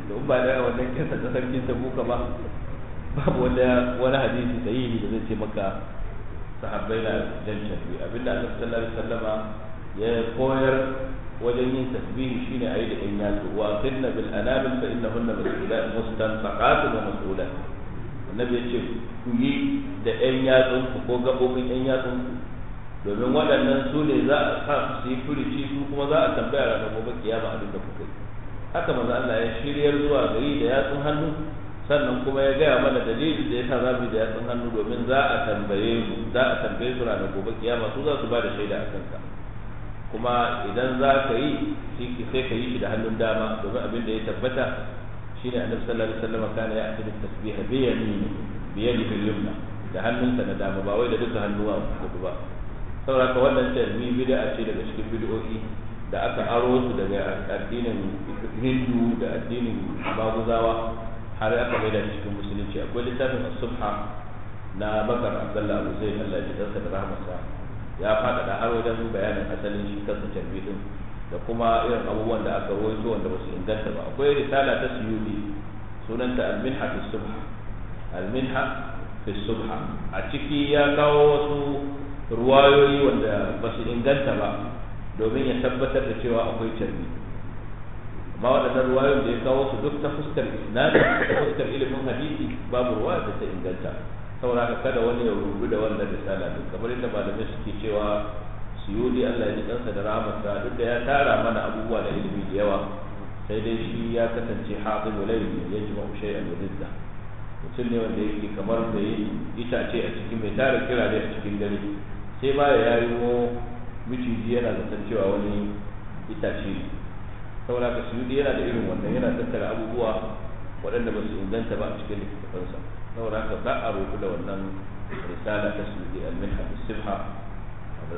da ba da wannan kisa ta sarki ta buka ba babu wanda wani hadisi ta yi da zai ce maka sahabbai na jan shafi abinda Allah sallallahu alaihi sallama ya koyar wajen yin tasbih a yi da in yasu wa sinna bil anamil fa innahunna mas'ulat mustanfaqat wa mas'ulat annabi ya ce ku yi da yan ku ko gabobin yan ku domin waɗannan su ne za a sa su yi furuci su kuma za a tambaya ranar gobe kiyama abin da kuka yi haka maza Allah ya shiryar zuwa gari da yatsun hannu sannan kuma ya gaya mana dalilin da yasa zamu da yatsun hannu domin za a tambaye mu za a tambaye su ranar gobe kiyama su za su ba da shaida a kanka kuma idan za ka yi shi sai ka yi shi da hannun dama domin abin da ya tabbata shine annabi sallallahu alaihi wasallam kana ya'ti bi tasbih bi yamini bi yadihi yumna da hannunsa na dama ba wai da duka hannuwa hudu ba saboda wannan tarmi bid'a ce daga cikin bid'o'i da aka aro su daga addinin Hindu da addinin Baguzawa har aka da cikin musulunci akwai littafin subha na Bakar Abdullah Abu zai Allah ya ji da rahmatsa ya faɗaɗa har wajen bayanin asalin shi kansa tarbi din da kuma irin abubuwan da aka rawaito wanda ba su inganta ba akwai risala ta suyubi sunanta alminha fi subha alminha fi subha a ciki ya kawo wasu ruwayoyi wanda ba su inganta ba domin ya tabbatar da cewa akwai canji amma waɗannan ruwayoyin da ya kawo su duk ta fuskar isnadi ta fuskar ilimin hadisi babu ruwa da ta inganta saboda haka kada wani ya rubu da wannan risala kamar yadda malamai suke cewa suyuli Allah ya ji kansa da ramarsa duk da ya tara mana abubuwa da ilimi da yawa sai dai shi ya kasance hafiz wala ya ji mahu shay'an wa mutum ne wanda yake kamar da yi itace a cikin mai tara kira da a cikin dare sai ba ya yi mo miciji yana zaton cewa wani itace ne saboda ka suyuli yana da irin wannan yana tattara abubuwa waɗanda ba su inganta ba a cikin littattafansa saboda ka ba a roƙi da wannan risala ta suyuli al-minhaj as-sibha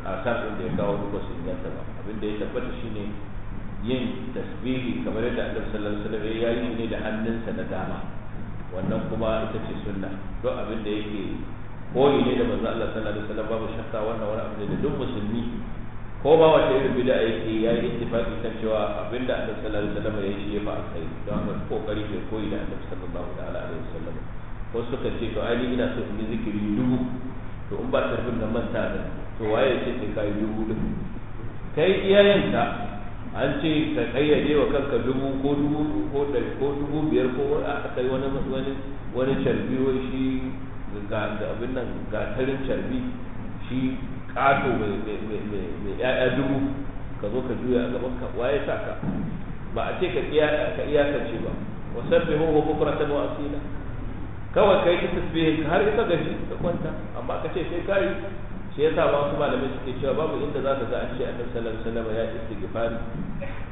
a sashen da ya kawo duk wasu inganta ba abin da ya tabbata shine yin tasbihi kamar yadda annabi sallallahu alaihi wasallam ya yi ne da hannunsa na dama wannan kuma ita ce sunna don abin da yake koyi ne da manzo Allah sallallahu alaihi wasallam babu shakka wannan wani abu ne da duk musulmi ko ba wata irin bid'a yake ya yi ittifaqi kan cewa abin da annabi sallallahu alaihi wasallam ya yi shi ya fa kai don haka kokari ke koyi da annabi sallallahu alaihi wasallam ko suka ce to ai ina so in yi zikiri dubu to in ba tarbin nan manta da to waye ce sai ka yi dubu din kai ta. an ce ka kayyade wa kanka dubu ko dubu ko ɗari ko dubu biyar ko a kai wani wani wani carbi wai shi ga abin nan ga tarin carbi shi ƙato mai ƴaƴa dubu ka zo ka juya a gaban ka waye sa ka ba a ce ka ce ba wasabbihu bukratan wa asila kawai kai ta tasbihin har ita gaji ka kwanta amma ka ce sai kai shi yasa ba su malamai suke cewa babu inda za ka ga an ce a kan alaihi salama ya gifari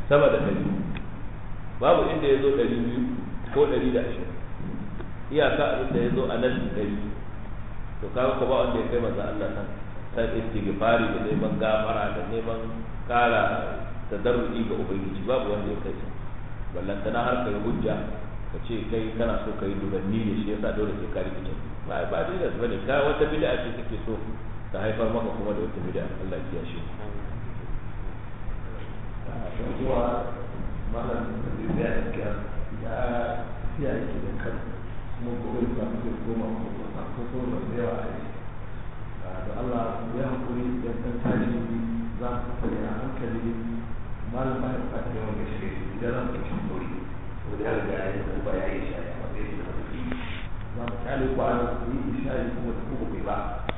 sama da ɗari babu inda ya zo ɗari biyu ko ɗari da ashirin iyaka abin da ya zo a nan ɗari to kawo ka ba wanda ya kai masa Allah san san gifari da neman gafara da neman kara tadarruki ga ubangiji babu wanda ya kai wallan tana har kai hujja ka ce kai kana so ka yi dubanni da shi yasa dole sai ka rikice ba ba dole ba ne ka wata bid'a ce kake so ta haifar maka kuma da wata bid'a Allah ya kiyashe zuwa malam da ya ga ya siya yake da kan kuma ba goma ko ko ko ba da yawa ai da Allah ya hakuri da tashi za ku hankali malam ba ya fata yawan idan cin ko da ya ko ba ya yi shi a matsayin da kuma ba